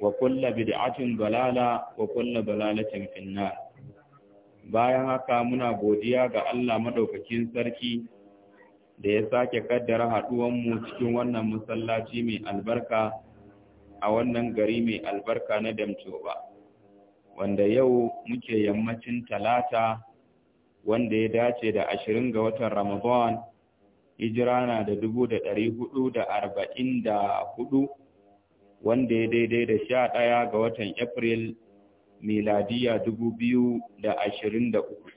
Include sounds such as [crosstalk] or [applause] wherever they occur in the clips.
kulla bid'atin balala, wa kulla في bayan haka muna godiya ga Allah madaukakin sarki da ya sake kaddara haduwanmu cikin wannan masallaci mai albarka a wannan gari mai albarka na Damtoba wanda yau muke yammacin talata wanda ya dace da ashirin ga watan Ramadan hijira na da dubu da da arba'in da hudu wanda ya daidai da sha ɗaya ga watan April miladiya dubu biyu da ashirin da uku.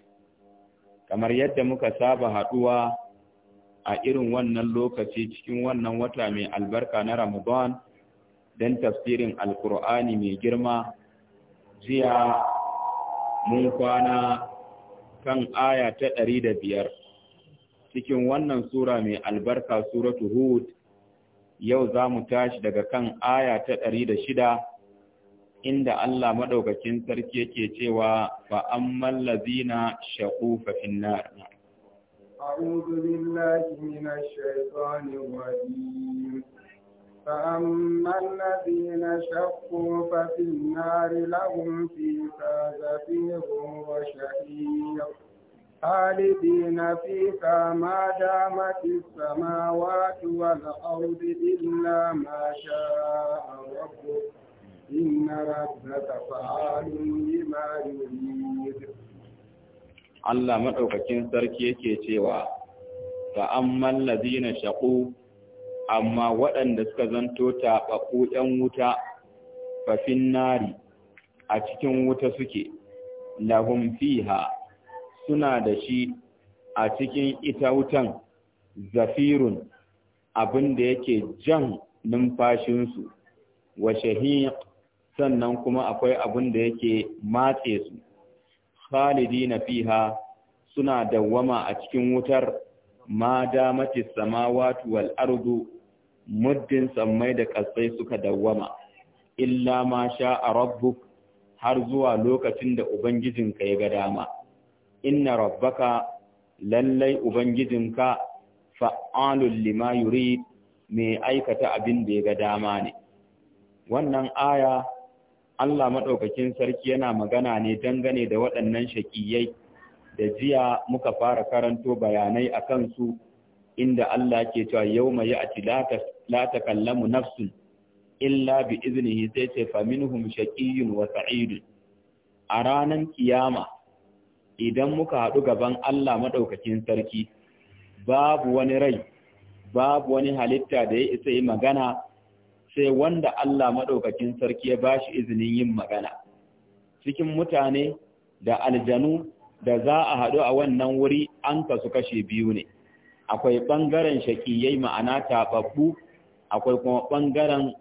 Kamar yadda muka saba haɗuwa a irin wannan lokaci cikin wannan wata mai albarka na Ramadan don tafsirin Alkur'ani mai girma, jiya mun kwana kan aya ta ɗari da biyar cikin wannan Sura mai albarka Suratu Hud. yau za mu tashi daga kan aya ta ɗari da shida inda Allah maɗaukacin sarki yake cewa fa amman lazina shaƙu fa finnar. أعوذ بالله من الشيطان الرجيم فأما الذين شقوا ففي النار لهم فيها زفير وشهيق خالدين فيها ما دامت السماوات والأرض إلا ما شاء ربك إن ربك فعال لما يريد Allah maɗaukakin sarki yake cewa, Ga amman ladina shaƙu, amma waɗanda suka zanto taɓaƙo ‘yan wuta, fafin nari a cikin wuta suke, lahum fiha suna da shi a cikin ita wutan zafirun abin da yake jan numfashinsu wa shahin sannan kuma akwai abin da yake matse su na fiha suna dawwama a cikin wutar ma damati samawati wal ardu muddin sammai da kasai suka dawwama illa ma sha'a rabbuk har zuwa lokacin da ubangijinka ya ga dama inna rabbaka lallai ubangijinka fa'alul lima yurid mai aikata abin da ya ga dama ne wannan aya Allah maɗaukakin sarki yana magana ne dangane da waɗannan shakiyai da jiya muka fara karanto bayanai a kansu inda Allah ke cewa yawma ya'ti la takallamu nafsun illa bi iznihi sai ce faminhum shaqiyyun wa sa'idun a ranan kiyama idan muka haɗu gaban Allah maɗaukakin sarki babu wani rai babu wani halitta da ya isa yi magana sai wanda Allah maɗaukakin sarki ya ba shi izinin yin magana cikin mutane da aljanu da za a haɗu a wannan wuri an kasu kashe biyu ne akwai ɓangaren shaƙiyai ma'ana taɓaɓɓu akwai kuma ɓangaren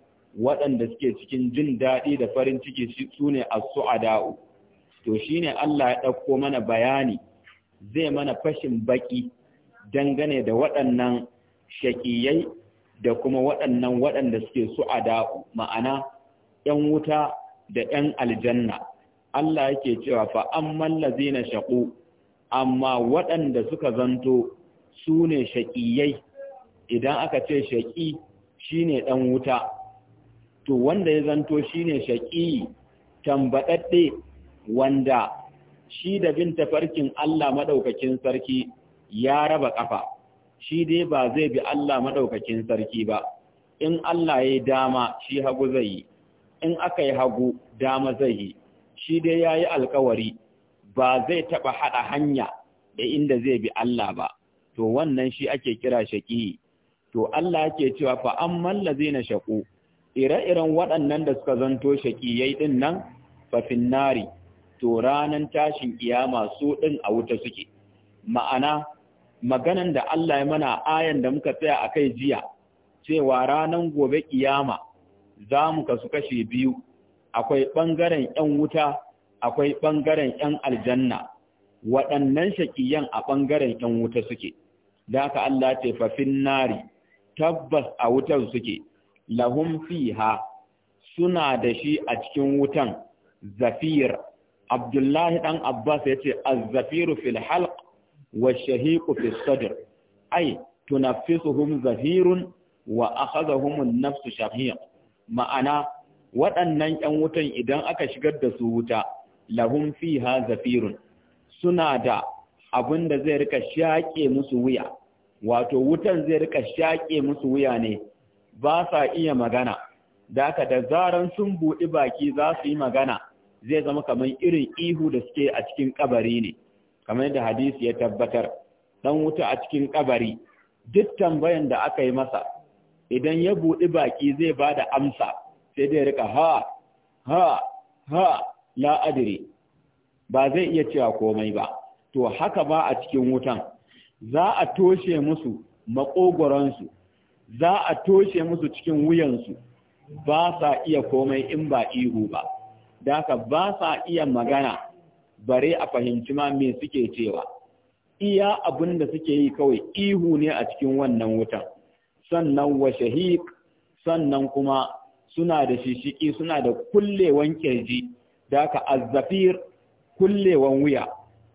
waɗanda suke cikin jin daɗi da farin ciki su ne a su'ada'u to shine Allah ya ɗauko mana bayani zai mana fashin baki dangane da waɗannan shaƙiyai da kuma waɗannan waɗanda suke su a da'u ma'ana ‘yan wuta da ‘yan aljanna Allah yake cewa fa amman na shaƙu amma waɗanda suka zanto su ne shaƙiyai idan aka ce shaƙi shine ɗan wuta to wanda ya zanto shine shaƙi tambaɗaɗɗe wanda shi da bin tafarkin Allah maɗaukakin sarki ya raba ƙafa, shi dai ba zai bi Allah maɗaukakin sarki ba in Allah ya dama shi hagu zai yi in aka yi hagu dama zai yi shi dai yayi alkawari ba zai taɓa haɗa hanya da inda zai bi Allah ba to wannan shi ake kira shaƙi. to Allah yake cewa fa amman na shaqu ire-iren waɗannan da suka zanto yi ɗin nan fa finnari to ranan tashin iyama su ɗin a wuta suke ma'ana maganan da Allah ya mana ayan da muka tsaya kai jiya cewa ranan gobe kiyama za mu kasu kashe biyu akwai ɓangaren 'yan wuta akwai ɓangaren 'yan aljanna waɗannan shakiyan a ɓangaren 'yan wuta suke da ka Allah ce fafin nari tabbas a wutar suke lahum fiha suna da shi a cikin wutan zafir Abdullahi ɗan Abbas ya ce, Azzafiru fil halq wa shahiku fil sadr. Ai, tunafisuhum zafirun wa akhadhahumun nafsu shahiq. Ma'ana, waɗannan ‘yan wutan idan aka shigar da su wuta, lahum fiha zafirun. Suna da abin da zai rika shaƙe musu wuya, wato wutan zai rika shaƙe musu wuya ne, ba sa iya magana, da da zaran sun buɗi baki za su yi magana. zai zama kamar irin ihu da suke a cikin kabari ne kamar yadda hadisi ya tabbatar dan wuta a cikin kabari duk tambayan da aka yi masa idan ya buɗi baki zai ba da amsa sai dai rika ha ha ha la adri ba zai iya cewa komai ba to haka ba a cikin wutan za a toshe musu makogoransu za a toshe musu cikin wuyansu ba sa iya komai in ba ihu ba Daka haka ba sa iya magana bare a fahimci ma me suke cewa iya abin da suke yi kawai ihu ne a cikin wannan wutan sannan wa shahiq sannan kuma suna da shishiki suna da kullewan kirji da haka azzafir kullewan wuya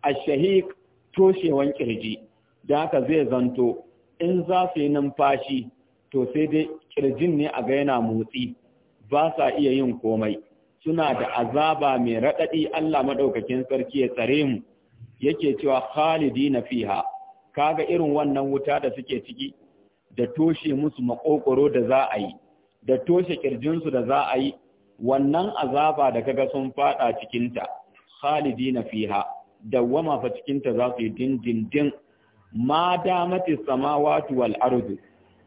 a shahiq toshewan kirji Daka zai zanto in za su yi numfashi to sai dai kirjin ne a ga yana motsi ba sa iya yin komai suna da azaba mai raɗaɗi Allah maɗaukakin sarki ya tsare mu yake cewa khalidi na fiha kaga irin wannan wuta da suke ciki da toshe musu makokoro da za a yi da toshe ƙirjinsu da za a yi wannan azaba da kaga sun faɗa cikinta khalidi na fiha dawwama fa cikinta za su yi dindindin ma damatis samawati wal ardu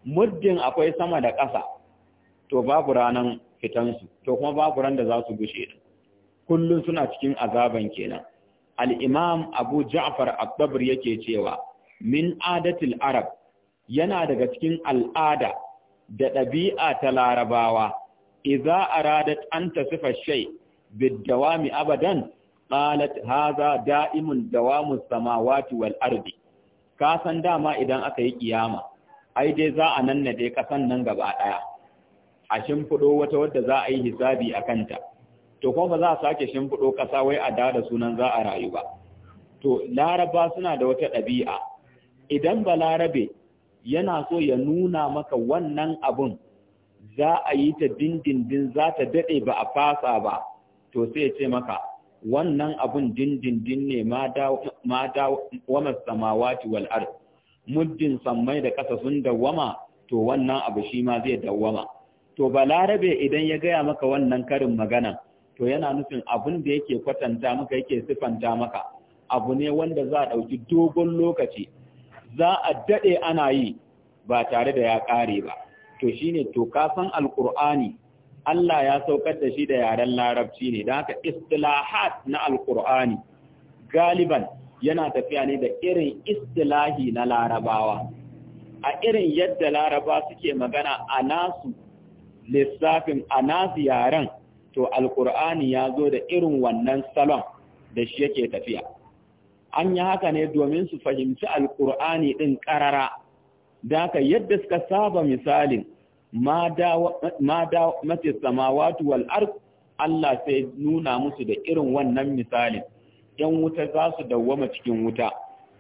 muddin akwai sama da ƙasa to babu ranan fitansu to kuma babu ran da za su gushe din kullun suna cikin azaban kenan al-imam abu ja'far at-tabr yake cewa min adatil arab yana daga cikin al'ada da ɗabi'a ta larabawa idza aradat an tasifa shay bidawami abadan qalat hadha da'imun dawamus samawati wal ardi ka san dama idan aka yi kiyama ai dai za a nan na dai kasan nan gaba daya a shimfiɗo wata wadda za a yi hisabi a kanta to kuma ba za a sake shimfiɗo ƙasa wai a da sunan za a rayu ba to laraba suna da wata ɗabi'a idan ba larabe yana so ya nuna maka wannan abun za a yi ta dindindin za ta daɗe ba a fasa ba to sai ce maka wannan abun dindindin ne mata wama samawa wal muddin sammai da ƙasa sun dawwama to wannan abu shi ma zai dawwama to balarabe idan ya gaya maka wannan karin magana to yana nufin abin da yake kwatanta maka yake sifanta maka abu ne wanda za a ɗauki dogon lokaci za a daɗe ana yi ba tare da ya ƙare ba to shine to kasan alƙur'ani Allah ya saukar da shi da yaren larabci ne da haka istilahat na alƙur'ani galiban yana tafiya ne da irin istilahi na larabawa a irin yadda laraba suke magana a nasu lissafin a nasu to alkur'ani ya zo da irin wannan salon da shi yake tafiya an yi haka ne domin su fahimci alkur'ani ɗin ƙarara da ka yadda suka saba misalin ma da mace samawatu wal Allah sai nuna musu da irin wannan misalin ‘yan wuta za su dawwama cikin wuta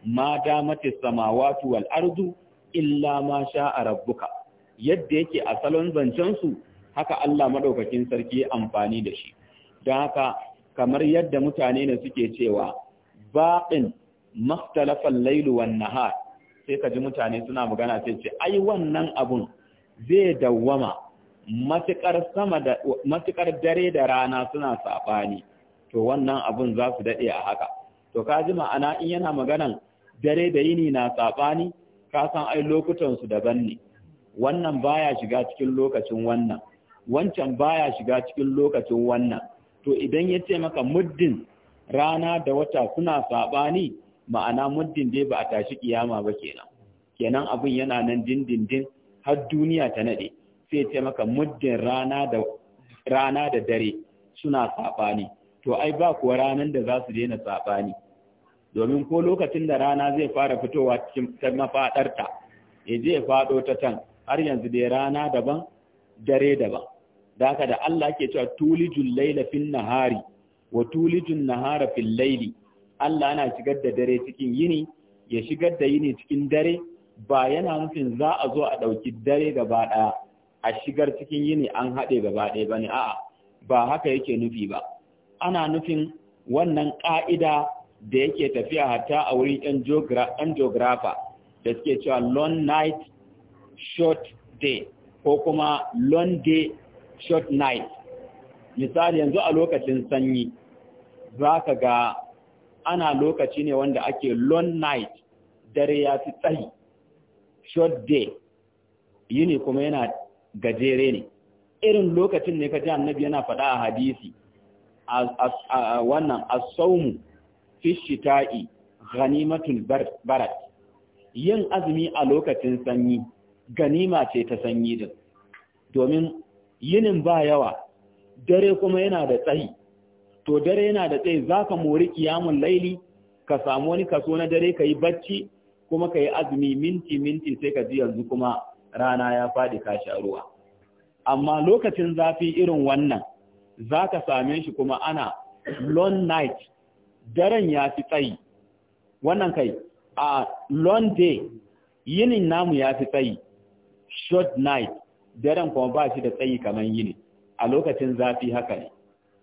ma da mace samawatu wal ardu illa ma sha a rabbuka yadda yake a salon zancen su, haka Allah maɗaukakin sarki amfani da shi don haka kamar yadda mutane ne suke cewa baƙin mastalafan lailu wan nahar sai ka ji mutane suna magana sai ce ai wannan abun zai dawwama matuƙar sama dare da rana suna saɓani to wannan abun za su dade a haka to ka ji ma'ana in yana maganan dare da yini na saɓani ka san ai lokutan su daban ne wannan baya shiga cikin lokacin wannan wancan baya shiga cikin lokacin wannan to idan ya ce maka muddin rana da wata suna saɓani ma'ana muddin dai ba a tashi kiyama ba kenan kenan abin yana nan dindindin har duniya ta nade sai ce maka muddin rana da rana da dare suna saɓani to ai ba kuwa ranan da za su daina saɓani domin ko lokacin da rana zai fara fitowa cikin mafaɗarta ya je ya faɗo ta tan. har yanzu dai rana daban dare daban da haka da Allah ke cewa tulijul laila fil nahari wa tulijun nahara fil laili Allah yana shigar da dare cikin yini ya shigar da yini cikin dare ba yana nufin za a zo a dauki dare gaba daya a shigar cikin yini an haɗe gaba ɗaya bane a'a ba haka yake nufi ba ana nufin wannan ƙa'ida da yake tafiya hatta a wurin ɗan geographer da suke cewa long night short day ko kuma long day short night misali yanzu a lokacin sanyi za ka ga ana lokaci ne wanda ake long night dare ya fi tsayi short day yini kuma yana gajere ne irin lokacin ne ka ji annabi yana faɗa a hadisi a wannan a saumu fi ta'i ghanimatul barat yin azumi a lokacin sanyi ganima ce ta sanyi din domin yinin ba yawa dare kuma yana da tsayi to dare yana da tsayi ka mori kiyamun laili ka samu wani kaso na dare ka yi bacci kuma ka yi azumi minti minti sai ka ji yanzu kuma rana ya faɗi ka sha ruwa amma lokacin zafi irin wannan zaka same shi kuma ana long night daren ya fi tsayi wannan kai a long day yinin namu ya fi tsayi short night daren kuma ba shi da tsayi kamar yini a lokacin zafi haka ne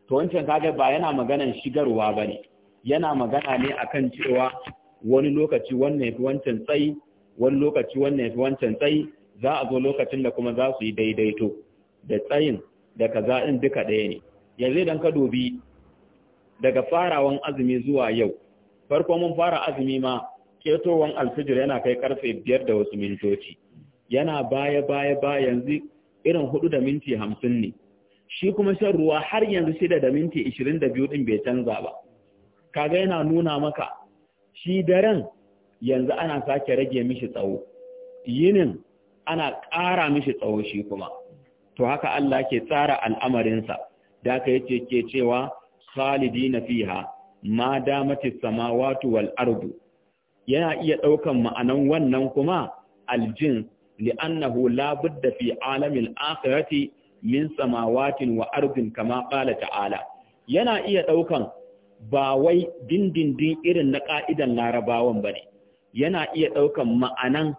to wancan kaga ba yana maganan shigarwa ba ne yana magana ne akan cewa wani lokaci wannan yafi wancan tsayi wani lokaci wannan yafi wancan tsayi za a zo lokacin da kuma za su yi daidaito da tsayin da kaza din duka ɗaya ne yanzu idan ka dubi daga farawan azumi zuwa yau farko mun fara azumi ma ketowan alfijir yana kai karfe biyar da wasu mintoci yana baya baya ba yanzu irin hudu da minti hamsin ne shi kuma shan ruwa har yanzu shida da minti ishirin da biyu ɗin bai canza ba kaga yana nuna maka shi daren yanzu ana sake rage mishi tsawo yinin ana ƙara mishi tsawo shi kuma to haka Allah ke tsara al'amarinsa da aka yace ke cewa na fiha ma damatis samawati wal ardu yana iya ɗaukan ma'anan wannan kuma aljin li'annahu la budda fi alamil akhirati min samawatin wa ardin kama qala ta'ala yana iya ɗaukan ba wai dindindin irin na ƙa'idan larabawan bane yana iya ɗaukan ma'anan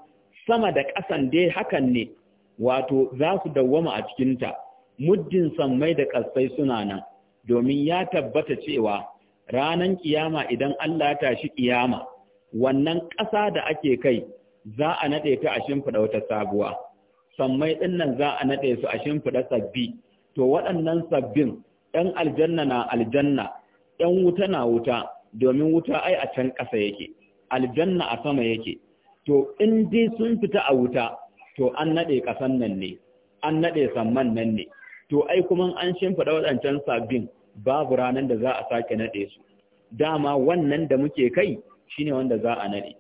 sama da ƙasan dai hakan ne wato za su dawwama a cikinta muddin sammai da ƙasai suna nan domin ya tabbata cewa ranan kiyama idan Allah ya tashi kiyama wannan ƙasa da ake kai za a naɗe ta a shimfida wata sabuwa sammai ɗin nan za a naɗe su a shimfida sabbi to waɗannan sabbin 'yan aljanna na aljanna 'yan wuta na wuta domin wuta ai a can ƙasa yake aljanna a sama yake to in dai sun fita a wuta to an naɗe ƙasan nan ne an naɗe samman nan ne to ai kuma an shimfida waɗancan sabbin babu ranar da za a sake naɗe su dama wannan da muke kai shine wanda za a naɗe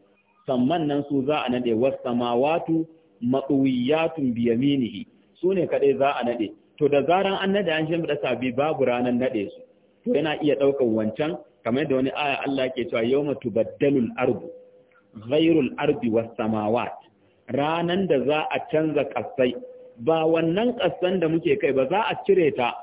samman nan su za a nade was samawatu matsuwiyatun biyaminihi su ne kadai za a nade to da zaran an nade an shimfiɗa sabi babu ranar nade su to yana iya ɗaukan wancan kamar da wani aya Allah ke cewa yawma tubaddalul ardu ghairul ardi was samawat ranan da za a canza kasai ba wannan kasan da muke kai ba za a cire ta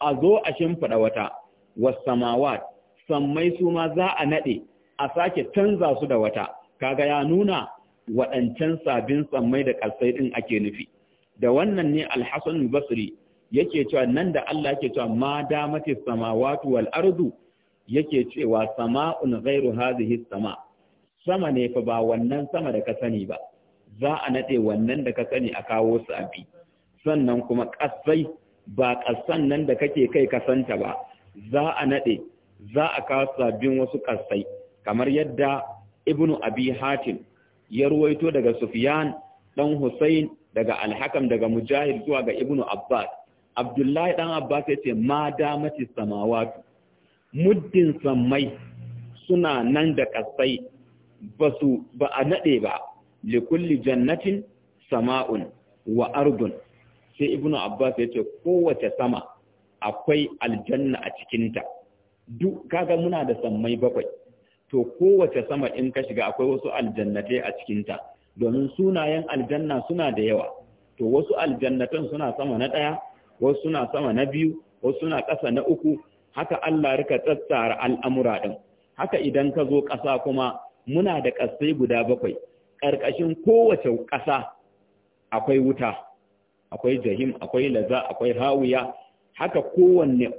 a zo a shimfiɗa wata was samawat sammai su ma za a nade a sake canza su da wata kaga ya nuna waɗancan sabin sammai da ƙasai ɗin ake nufi da wannan ne alhassan basri yake cewa nan da Allah yake cewa ma damati sama wal ardu yake cewa sama'un ghairu hadhihi sama sama ne fa ba wannan sama da ka sani ba za a nade wannan da ka sani a kawo su abi sannan kuma ƙasai ba ƙasan nan da kake kai kasanta ba za a nade za a kawo sabbin wasu ƙasai kamar yadda ibnu abi hatim ya ruwaito daga sufyan dan husayn daga alhakam daga mujahid zuwa ga ibnu abbas abdullahi dan abbas yace ma damati samawati muddin sammai suna nan da kasai basu ba a nade ba likulli jannatin sama'un wa ardun sai ibnu abbas yace kowace sama akwai aljanna a cikinta duk kaga muna da sammai bakwai to kowace sama in ka shiga akwai wasu aljannatai a cikinta domin sunayen aljanna suna da yawa to wasu aljannatan suna sama na ɗaya wasu suna sama na biyu wasu suna ƙasa na uku haka Allah rika tsatsa al'amura ɗin haka idan ka zo ƙasa kuma muna da ƙasai guda bakwai ƙarƙashin kowace ƙasa akwai wuta akwai jahim akwai laza akwai hawiya haka kowanne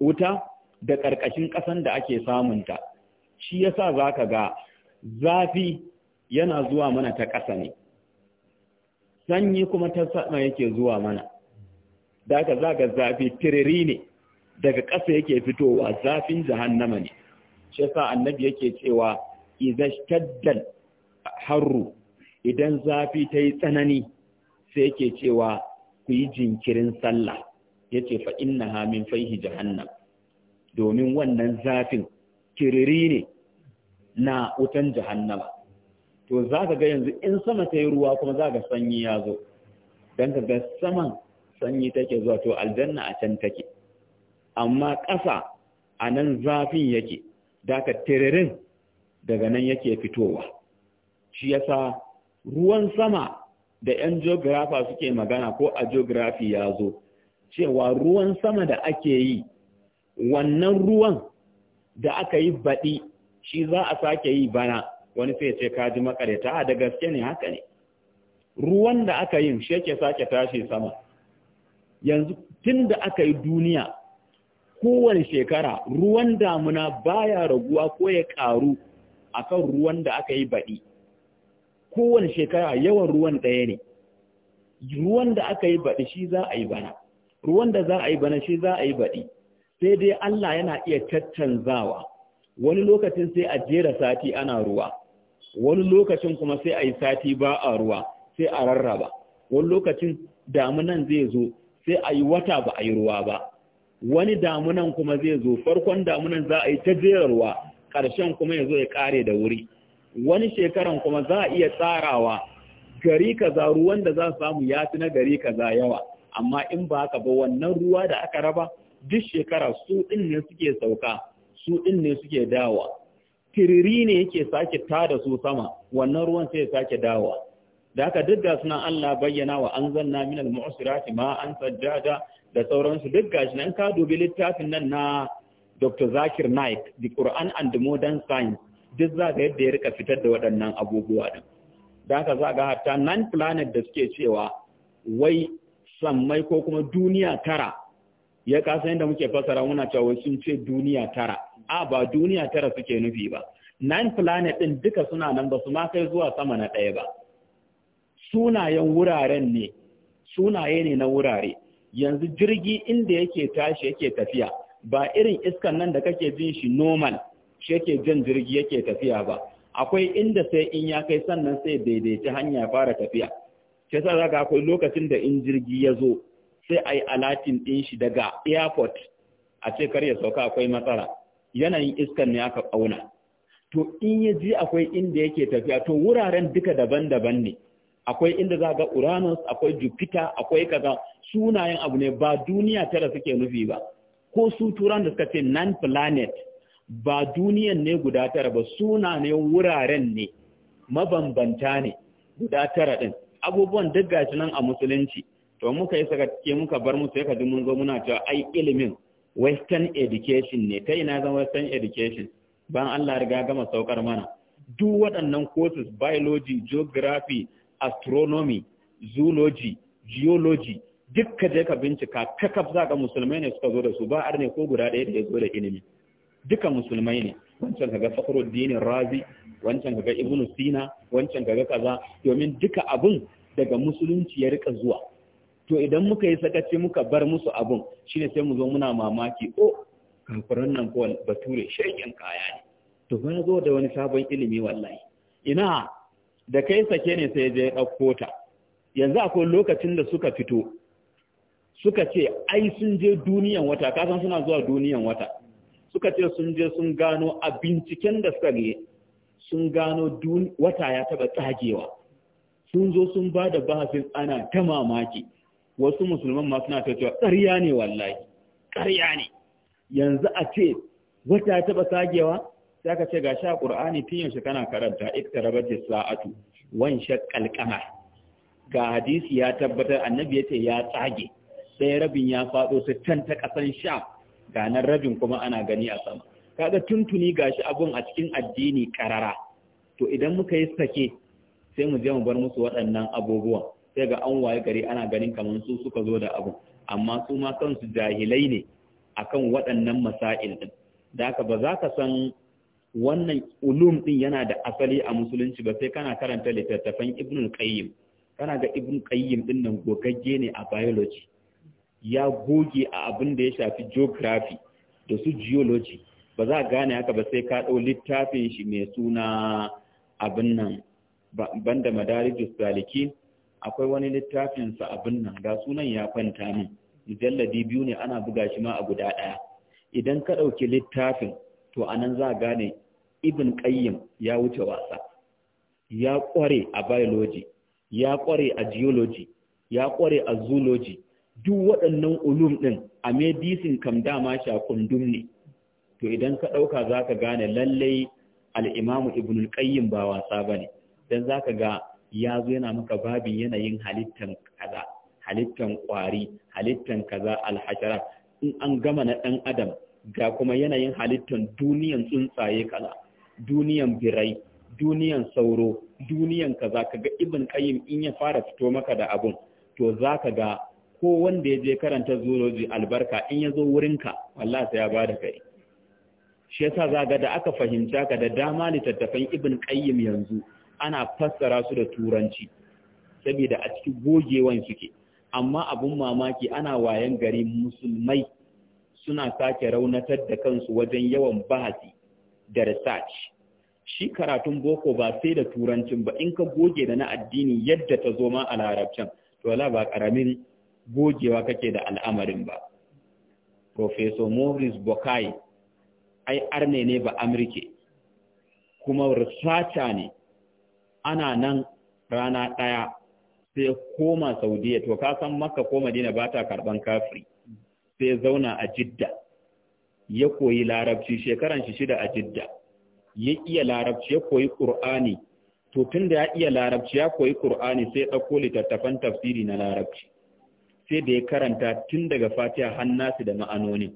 wuta da ƙarƙashin ƙasan da ake samunta shi yasa zaka ga zafi yana zuwa mana ta ƙasa ne sanyi kuma ta sama yake zuwa mana da zaka zaga zafi tiriri ne daga ƙasa yake fitowa zafin jahannama ne shi yasa annabi yake cewa idan shaddal harru idan zafi ta yi tsanani sai yake cewa ku yi jinkirin sallah yace fa innaha min faihi jahannam domin wannan zafin kiriri ne na wutan jahannama to za ka ga yanzu in sama ta yi ruwa kuma za ka sanyi ya zo don ka ga saman sanyi take zuwa to aljanna a can take amma ƙasa a nan zafin yake da ka tiririn daga nan yake fitowa shi ya sa ruwan sama da 'yan geografa suke magana ko a geografi ya zo cewa ruwan sama da ake yi wannan ruwan da aka yi baɗi shi za a sake yi bana wani sai ce kaji makareta da gaske ne haka ne ruwan da aka yi shi yake sake tashi sama yanzu tun da aka yi duniya kowane shekara ruwan damuna baya raguwa ko ya karu akan ruwan da aka yi baɗi kowane shekara yawan ruwan ɗaya ne ruwan da aka yi baɗi shi za a yi bana ruwan da za a yi bana shi za a yi baɗi sai dai Allah yana iya tattanzawa. wani lokacin sai a jera sati ana ruwa wani lokacin kuma sai a yi sati ba a ruwa sai a rarraba wani lokacin damunan zai zo sai a yi wata ba a yi ruwa ba wani damunan kuma zai zo farkon damunan za a yi ta jera ruwa ƙarshen kuma ya zo ya ƙare da wuri wani shekaran kuma za a iya tsarawa gari kaza ruwan da za su samu ya fi na gari kaza yawa amma in ba haka ba wannan ruwa da aka raba duk shekara su ɗin ne suke sauka su ɗin ne suke dawa tiriri ne yake sake tada su sama wannan ruwan sai sake dawa da haka duk ga sunan Allah bayyana wa an zanna min al-mu'sirati ma an sajjada da sauransu duk gashi nan ka dubi littafin nan na Dr. Zakir Naik The Quran and the Modern Science duk za ga yadda ya rika fitar da waɗannan abubuwa din da haka za ga hatta nan planet da suke cewa wai sammai ko kuma duniya tara ya kasa yadda muke fasara muna cewa sun ce duniya tara a ba duniya tara suke nufi ba nine planet din duka suna nan ba su ma kai zuwa sama na ɗaya ba sunayen wuraren ne sunaye ne na wurare yanzu jirgi inda yake tashi yake tafiya ba irin iskan nan da kake jin shi normal shi yake jan jirgi yake tafiya ba akwai inda sai in ya kai sannan sai daidaita hanya fara tafiya shi yasa zaka akwai lokacin da in jirgi ya zo sai a yi alatin ɗin shi daga airport a ce kar ya sauka akwai matsala yanayin iskan ne aka ƙauna. to in ya ji akwai inda yake tafiya to wuraren duka daban-daban ne akwai inda za ga uranus akwai jupiter akwai kaza sunayen abu ne ba duniya tara suke nufi ba ko su turan da suka ce nan planet ba duniyan ne guda tara ba suna ne wuraren ne mabambanta ne guda tara din abubuwan duk gashi nan a musulunci to muka yi ke muka bar musu yaka mun zo muna cewa ai ilimin western education ne kai na zama western education ban Allah riga gama saukar mana duk waɗannan courses biology geography astronomy zoology geology duk ka je ka bincika kakaf za ka musulmai ne suka zo da su ba ne ko guda ɗaya da ya zo da ilimi duka musulmai ne wancan kaga fakhruddin razi wancan kaga ibnu sina wancan kaga kaza domin duka abun daga musulunci ya rika zuwa to idan muka yi sakaci muka bar musu abun ne sai mu zo muna mamaki o oh, kamfanin nan ko bature shayyan kaya ne to ba zo da wani sabon ilimi wallahi ina da kai sake ne sai je ɗauko ta yanzu akwai lokacin da suka fito suka ce ai sun je duniyan wata kasan suna zuwa duniyan wata suka ce sun je sun gano a binciken da suka ne sun gano wata ya taɓa tsagewa sun zo sun ba da bahasin ana ta mamaki wasu musulman ma suna cewa ƙarya ne wallahi ƙarya ne yanzu a ce wata ya taɓa sagewa sai ka ce ga sha ƙur'ani tun yaushe kana karanta iktarabatis sa'atu wan shaqqal qamar ga hadisi ya tabbatar annabi ya ce ya tsage sai rabin ya faɗo can ta kasan sha ga nan rabin kuma ana gani a sama kaga tuntuni gashi abun a cikin addini karara to idan muka yi sake sai mu je mu bar musu waɗannan abubuwan sai ga an waye gari ana ganin kamar su suka zo da abu amma su ma kansu jahilai ne akan waɗannan masail din da ka ba za ka san wannan ulum din yana da asali a musulunci ba sai kana karanta littattafan ibn qayyim kana ga ibn qayyim din nan gogagge ne a biology ya goge a abin da ya shafi geography da su geology ba za gane haka ba sai ka ɗau littafin shi mai suna abin nan banda madarijus salikin akwai wani littafin sa abin nan ga sunan ya kwanta min mujalladi biyu ne ana buga shi ma a guda ɗaya idan ka ɗauki littafin to anan za gane Ibin qayyim ya wuce wasa ya ƙware a biology ya ƙware a geology ya ƙware a zoology duk waɗannan ulum ɗin a medicine kam dama kundum ne to idan ka ɗauka za ka gane lallai al'imamu ibn qayyim ba wasa ba ne don za ka ga ya zo yana maka babin yanayin halittan kaza halittan kwari halittan kaza alhajara in an gama na ɗan adam ga kuma yanayin halittan duniyan tsuntsaye kaza duniyan birai duniyan sauro duniyan kaza kaga ibn qayyim in ya fara fito maka da abun to zaka ga ko wanda ya je karanta zoology albarka in ya zo wurinka wallahi sai ya bada kai shi yasa zaga da aka fahimta ka da dama littattafan ibn qayyim yanzu ana fassara su da turanci saboda a cikin gogewan suke amma abun mamaki ana wayan gari musulmai suna sake raunatar da kansu wajen yawan bahasi da research shi karatun boko ba sai da turancin ba in ka goge da na addini yadda ta zo ma a larabcin to wala ba karamin gogewa kake da al'amarin ba professor morris Bokai ai arne ne ba amurke kuma researcher ne ana nan rana ɗaya sai koma saudiya to ka san makka ko madina ba ta karɓan kafiri sai zauna a jidda ya koyi larabci shekaran shi shida a jidda ya iya larabci ya koyi Kur'ani, to tun da ya iya larabci ya koyi ƙur'ani sai ya ɗauko littattafan tafsiri na larabci sai da ya karanta tun daga fatiha nasi da ma'anoni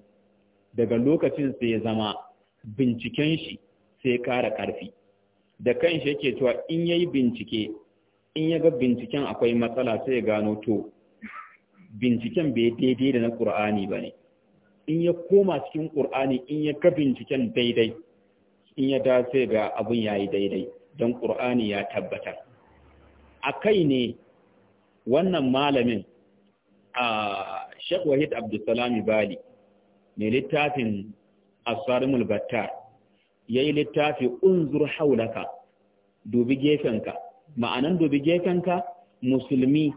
daga lokacin sai ya zama binciken shi sai ya ƙara ƙarfi da kan kanshi yake cewa in yayi bincike in ya ga binciken akwai matsala sai ya gano to binciken bai daidai da na ba ne. in ya koma cikin ƙur'ani, in ya ga binciken daidai in ya da sai ga abin yayi daidai don ƙur'ani ya tabbatar akai ne wannan malamin a Sheikh Wahid Abdulsalam Bali ne littafin Asarimul Battar yayi littafi unzur haulaka dubi gefenka ma'anan dubi gefenka musulmi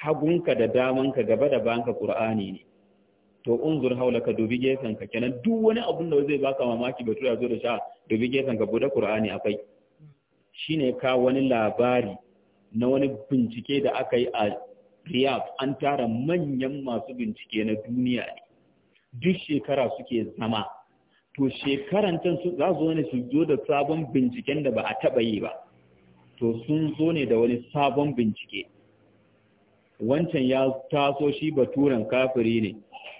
hagunka da damanka gaba da banka qur'ani ne to unzur haulaka dubi gefenka kenan duk wani abun da zai baka mamaki bai tura zo da sha dubi gefenka bude qur'ani akwai shine ka wani labari na wani bincike da aka yi a riyaf an tara manyan masu bincike na duniya ne duk shekara suke zama to shekaran can za su zo ne su zo da sabon binciken da ba a taɓa yi ba to sun zo ne da wani sabon bincike wancan ya taso shi baturen kafiri ne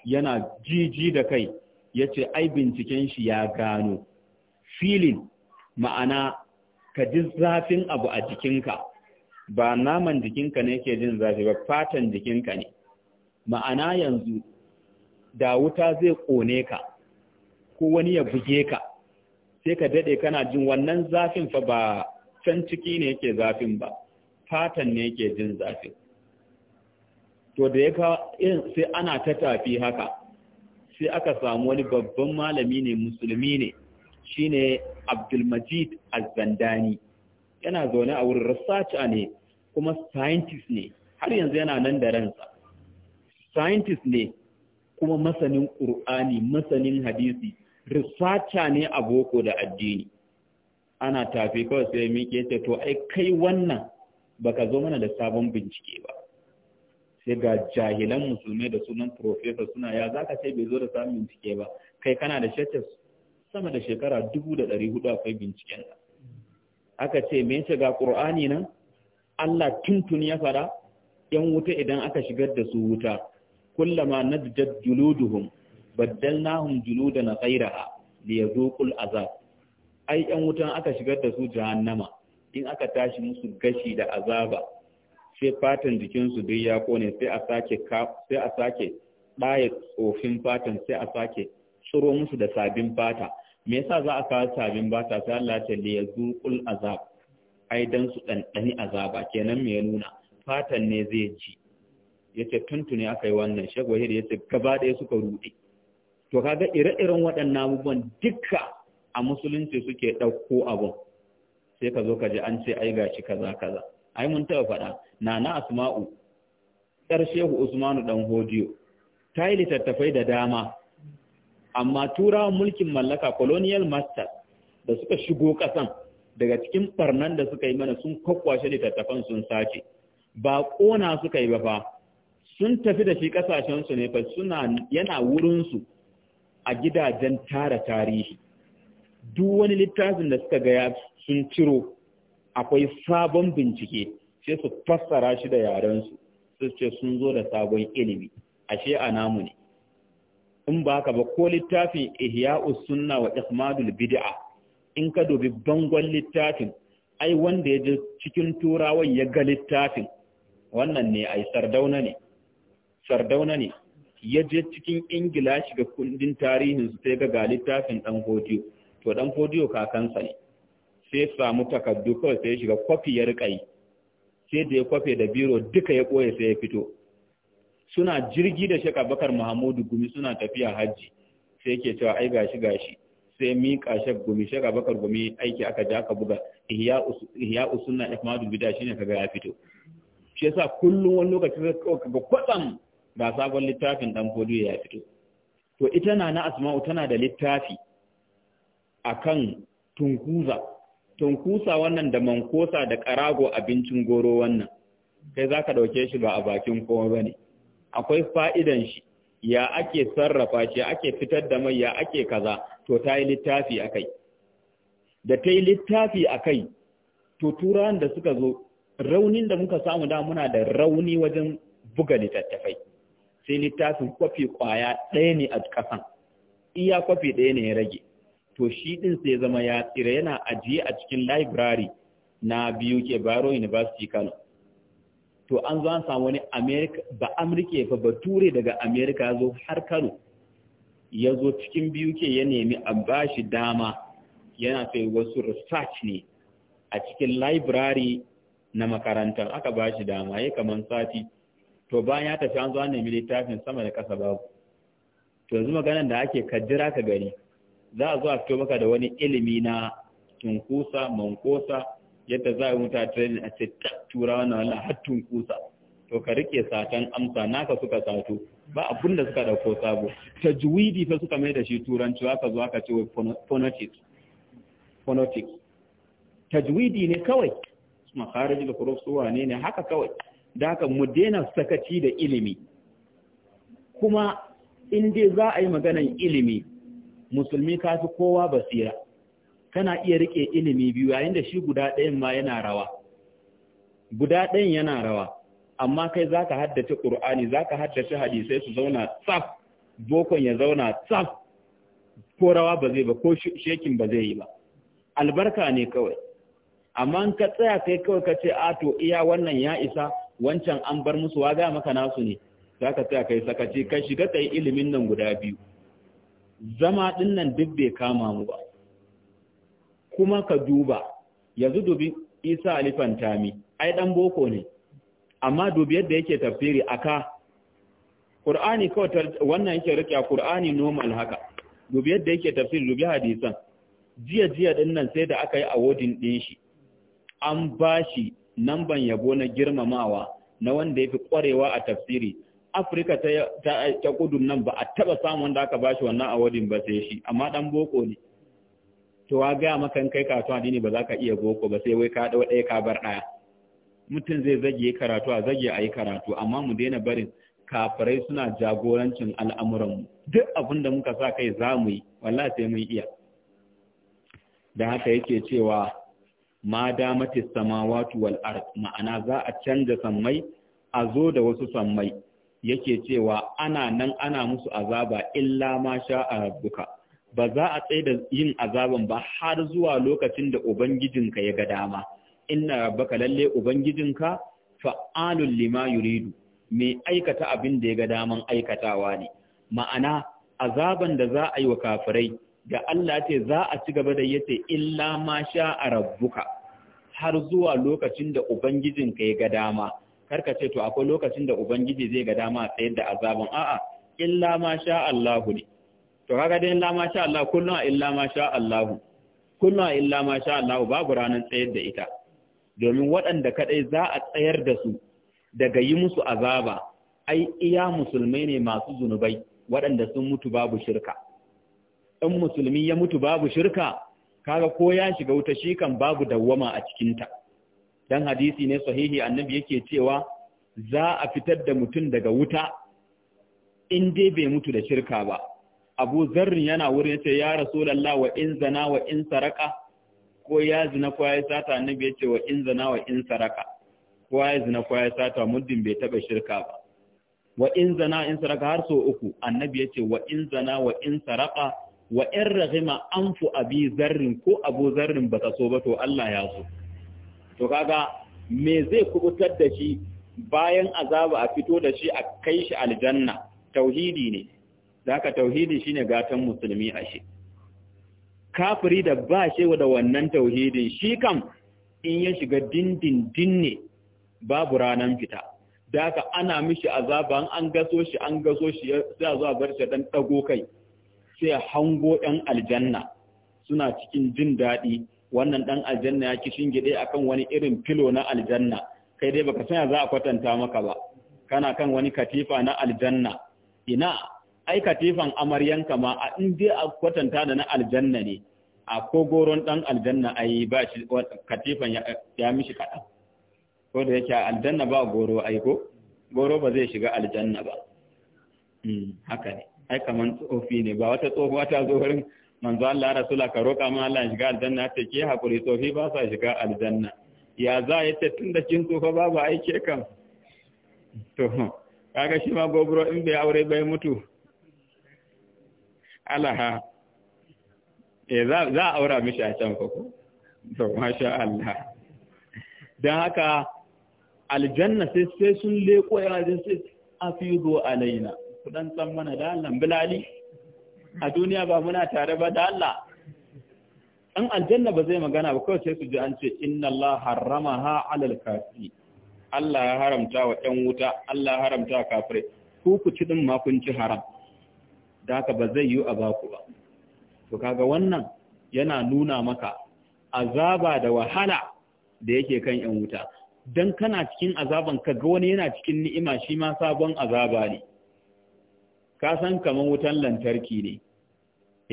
yana jiji da kai ya ce ai binciken shi ya gano filin ma'ana ka ji zafin abu a jikinka ba naman jikinka ne ke jin zafi ba fatan jikinka ne ma'ana yanzu da wuta zai ƙone ka ko wani ya buge ka sai ka daɗe kana jin wannan zafin fa ba can ciki ne yake zafin ba fatan ne yake jin zafin to da ya ka irin sai ana ta tafi haka sai aka samu wani babban malami ne musulmi ne shine Abdulmajid Az-Zandani yana zaune a wurin researcher ne kuma scientist ne har yanzu yana nan da ransa scientist ne kuma masanin Qur'ani masanin hadisi risata ne a boko da addini ana tafi kawai sai miƙe ce to ai kai wannan baka zo mana da sabon bincike ba sai ga jahilan musulmai da sunan profesa suna ya zaka sai bai zo da sabon bincike ba kai kana da shakkar sama da shekara dubu da ɗari hudu akwai binciken aka ce me yace ga qur'ani nan Allah tuntun ya fara yan wuta idan aka shigar da su wuta kullama najjad juluduhum na juludan ghayraha liyazuqul azab ai yan wutan aka shigar da su jahannama in aka tashi musu gashi da azaba sai fatan jikinsu duk ya kone sai a sake sai tsofin fatan sai a sake shiro musu da sabin fata me yasa za a kawo sabin fata sai Allah ta li yazuqul azab ai dan su ɗanɗani azaba kenan me ya nuna fatan ne zai ji yace tuntune aka yi wannan shagwahir yace gaba ɗaya suka ruɗe to kaga ire-iren waɗannan abubuwan duka a musulunci suke ɗauko abun sai ka zo ka ji an ce ai gashi kaza kaza ai mun taɓa faɗa nana asma'u yar shehu usmanu ɗan hodiyo ta yi littattafai da dama amma turawan mulkin mallaka colonial masters da suka shigo ƙasan daga cikin ɓarnan da suka yi mana sun kwakwashe littattafan sun sace ba ƙona suka yi ba fa sun tafi da shi ƙasashensu ne fa suna yana wurinsu a gidajen tara tarihi duk wani littafin da suka gaya sun ciro akwai sabon bincike sai su fassara shi da yarensu su ce sun zo da sabon ilimi ashe a namu ne in ba ka ba ko littafin ihya sunna wa ihmadul bid'a in ka dubi bangon littafin ai wanda ya je cikin turawan ya ga littafin wannan ne ai sardauna ne sardauna ne ya je cikin ingila shiga kundin tarihin su sai ga ga littafin dan hodiyo to dan hodiyo kakansa ne sai samu takardu kawai sai shiga kwafi ya rikai sai da ya kwafe da biro duka ya koya sai ya fito suna jirgi da shaka bakar muhammadu gumi suna tafiya hajji sai yake cewa ai gashi gashi sai miƙa shak gumi shaka bakar gumi aiki aka ja aka buga ihya usunna ihmadu bida shine kaga ya fito shi yasa kullum wani lokaci sai kaga kwatsam Ba sabon littafin dan fodiyo ya fito to ita na na asma'u tana da littafi akan tunkuza tunkusa wannan da mankosa da karago abincin goro wannan kai zaka dauke shi ba a bakin kowa bane akwai fa'idan shi ya ake sarrafa shi ake fitar da mai ya ake kaza to ta yi littafi a kai da ta yi littafi akai kai to turan da suka zo raunin da muka samu da muna da rauni wajen buga littattafai sai littafin kwafi kwaya ɗaya ne a ƙasan iya kwafi ɗaya ne ya rage to shi ɗin sai zama ya tsira yana ajiye a cikin library na biyu ke baro University Kano to an zo an samu wani America ba fa bature daga America zo har Kano ya zo cikin biyu ke ya nemi a bashi dama yana sai wasu research ne a cikin library na makarantar aka bashi dama ya kaman sati to bayan ya tafi an zo an nemi littafin sama da ƙasa babu to yanzu maganar da ake kaddira ka gani za a zo a fito maka da wani ilimi na tunkusa mankosa yadda za a yi wuta training a ce tura wannan wannan har tunkusa to ka rike satan amsa naka suka sato ba abun da suka dauko sabo juwidi fa suka mai da shi turanci aka zo aka ce phonetics phonetics tajwidi ne kawai makharij da huruf suwa ne ne haka kawai da haka mu daina sakaci da ilimi kuma in dai za a yi maganan ilimi musulmi ka fi kowa basira kana iya rike ilimi biyu yayin da shi guda ɗayan ma yana rawa guda ɗayan yana rawa amma kai za ka haddace ƙur'ani za ka haddace hadisai su zauna tsaf bokon ya zauna tsaf ko rawa ba zai ba ko shekin ba zai yi ba albarka ne kawai amma ka tsaya kai kawai ka ce a to iya wannan ya isa wancan an bar musu wa ga maka nasu ne za ka tsaya kai sakaci ka shiga kai ilimin nan guda biyu zama ɗin nan duk bai kama mu ba kuma ka duba yanzu dubi isa alifan tami ai ɗan boko ne amma dubi yadda yake tafsiri aka Qur'ani kawai wannan yake rike a Qur'ani normal haka dubi yadda yake tafsiri dubi hadisan jiya jiya ɗin nan sai da aka yi awodin ɗin shi an bashi Nan ban yabo na girmamawa na wanda ya fi kwarewa a tafsiri afirka ta kudu nan ba a taba samun wanda aka bashi wannan awadin ba sai shi amma ɗan boko ne to wa gaya maka kai karatu addini ba za ka iya boko ba sai wai ka ɗau ɗaya ka bar ɗaya mutum zai zage karatu a zage a yi karatu amma mu daina barin kafirai suna jagorancin al'amuran mu. duk abin da muka sa kai za mu yi wallahi sai mun iya da haka yake cewa ma damati samawati wal ard ma'ana za a canza sammai a zo da wasu sammai yake cewa ana nan ana musu azaba illa ma sha a rabbuka ba za a tsaye da yin azaban ba har zuwa lokacin da ubangijinka ya ga dama inna rabbaka lalle ubangijinka fa'alul lima yuridu Me aikata abin da ya ga daman aikatawa ne ma'ana azaban da za a yi wa kafirai da Allah ce za a ci gaba da yace illa ma sha a rabbuka har zuwa lokacin da ubangijinka ya ga dama karka ce to akwai lokacin da ubangiji zai ga dama a tsayar da azabin? a'a illa ma sha Allah ne to kaga dai illa ma sha Allah kullu illa ma sha Allah kullu illa ma sha Allah babu ranan tsayar da ita domin waɗanda kadai za a tsayar da su daga yi musu azaba ai iya musulmai ne masu zunubai waɗanda sun mutu babu shirka Ɗan musulmi ya mutu babu shirka kaga ko ya shiga wuta shi kan babu dawwama a cikinta dan hadisi ne sahihi annabi yake cewa za a fitar da mutum daga wuta in dai bai mutu da shirka ba abu zarrin yana wurin ce ya lalla wa in zana wa in saraka ko ya zina ko ya sata annabi ce wa in zana wa in saraka ko ya zina ko ya sata muddin bai taba shirka ba wa in zana in saraka har so uku annabi ce wa in zana wa in saraka wa in rahima anfu abi zarrin ko abu zarrin baka so ba to Allah ya so to kaga me zai kubutar da shi bayan azaba a fito da shi a kai shi aljanna tauhidi ne zaka tauhidi shine gatan musulmi ashe kafiri da ba shewa da wannan tauhidin shi kam in ya shiga dindindin ne babu ranar fita daka ana mishi azaba an gaso shi an gaso shi sai zuwa bar shi dan dago kai sai hango ɗan aljanna suna cikin jin daɗi wannan ɗan aljanna ya ki shingide akan wani irin filo na aljanna kai dai baka sanya za a kwatanta maka ba kana kan wani katifa na aljanna ina ai katifan amaryanka ma a in dai a kwatanta da na aljanna ne a kogoron ɗan aljanna ai ba shi katifan ya mishi kaɗan ko da yake aljanna ba goro ai ko goro ba zai shiga aljanna ba hmm, haka ne ai kaman tsofi ne ba wata tsohuwa ta zo wurin manzo Allah rasula ka roka ma Allah shiga aljanna ta ke hakuri tsofi ba sa shiga aljanna ya za ya ta tunda kin tsofa babu aike kan to kaga shi ma gobro in bai aure bai mutu alaha eh za za aura mishi a can fa ko to masha Allah dan haka aljanna sai sai sun leko ya sai afidu alaina ku dan san mana da Allah bilali a duniya ba muna tare ba da Allah an aljanna ba zai magana ba kawai sai su ji an ce inna Allah harramaha alal kafi Allah ya haramta wa ƴan wuta Allah ya haramta kafire. ku ku ci din ma kun ci haram da haka ba zai yi a baku ba to kaga wannan yana nuna maka azaba da wahala da yake kan ƴan wuta dan kana cikin azaban ka ga wani yana cikin ni'ima shi ma sabon azaba ne ka san kamar wutan lantarki ne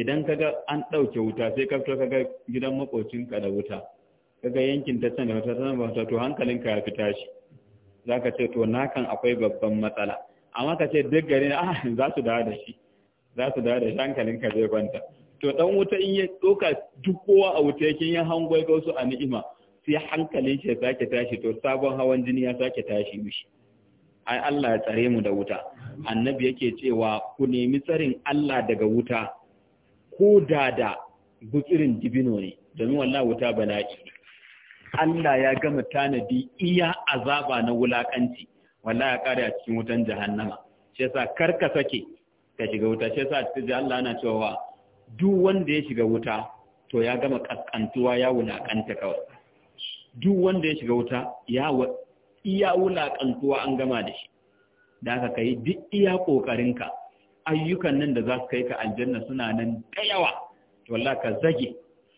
idan kaga an ɗauke wuta sai ka fito kaga gidan makocinka da wuta kaga yankin ta can da wuta tana ba to hankalinka ya fita shi za ka ce to nakan akwai babban matsala amma ka ce duk gari na ah za su dawo da shi za su dawo da shi hankalinka zai kwanta to dan wuta in ya doka duk kowa a wuta yake ya hango ga wasu a ni'ima sai hankalin shi ya sake tashi to sabon hawan jini ya sake tashi mishi ai Allah ya tsare mu da wuta annabi yake cewa ku nemi tsarin Allah daga wuta ko da da gutsirin dibino ne domin wallahi wuta bala'i Allah ya gama tanadi iya azaba na wulakanci wallahi ya kare a cikin wutan jahannama shi yasa karka sake ka shiga wuta shi yasa cikin Allah yana cewa duk wanda ya shiga wuta to ya gama kaskantuwa ya wulakanta kawai duk wanda ya shiga wuta ya iya wulaƙantuwa an gama da shi da aka kai duk iya ƙoƙarinka ayyukan nan da za su kai ka aljanna suna nan da yawa walla ka zage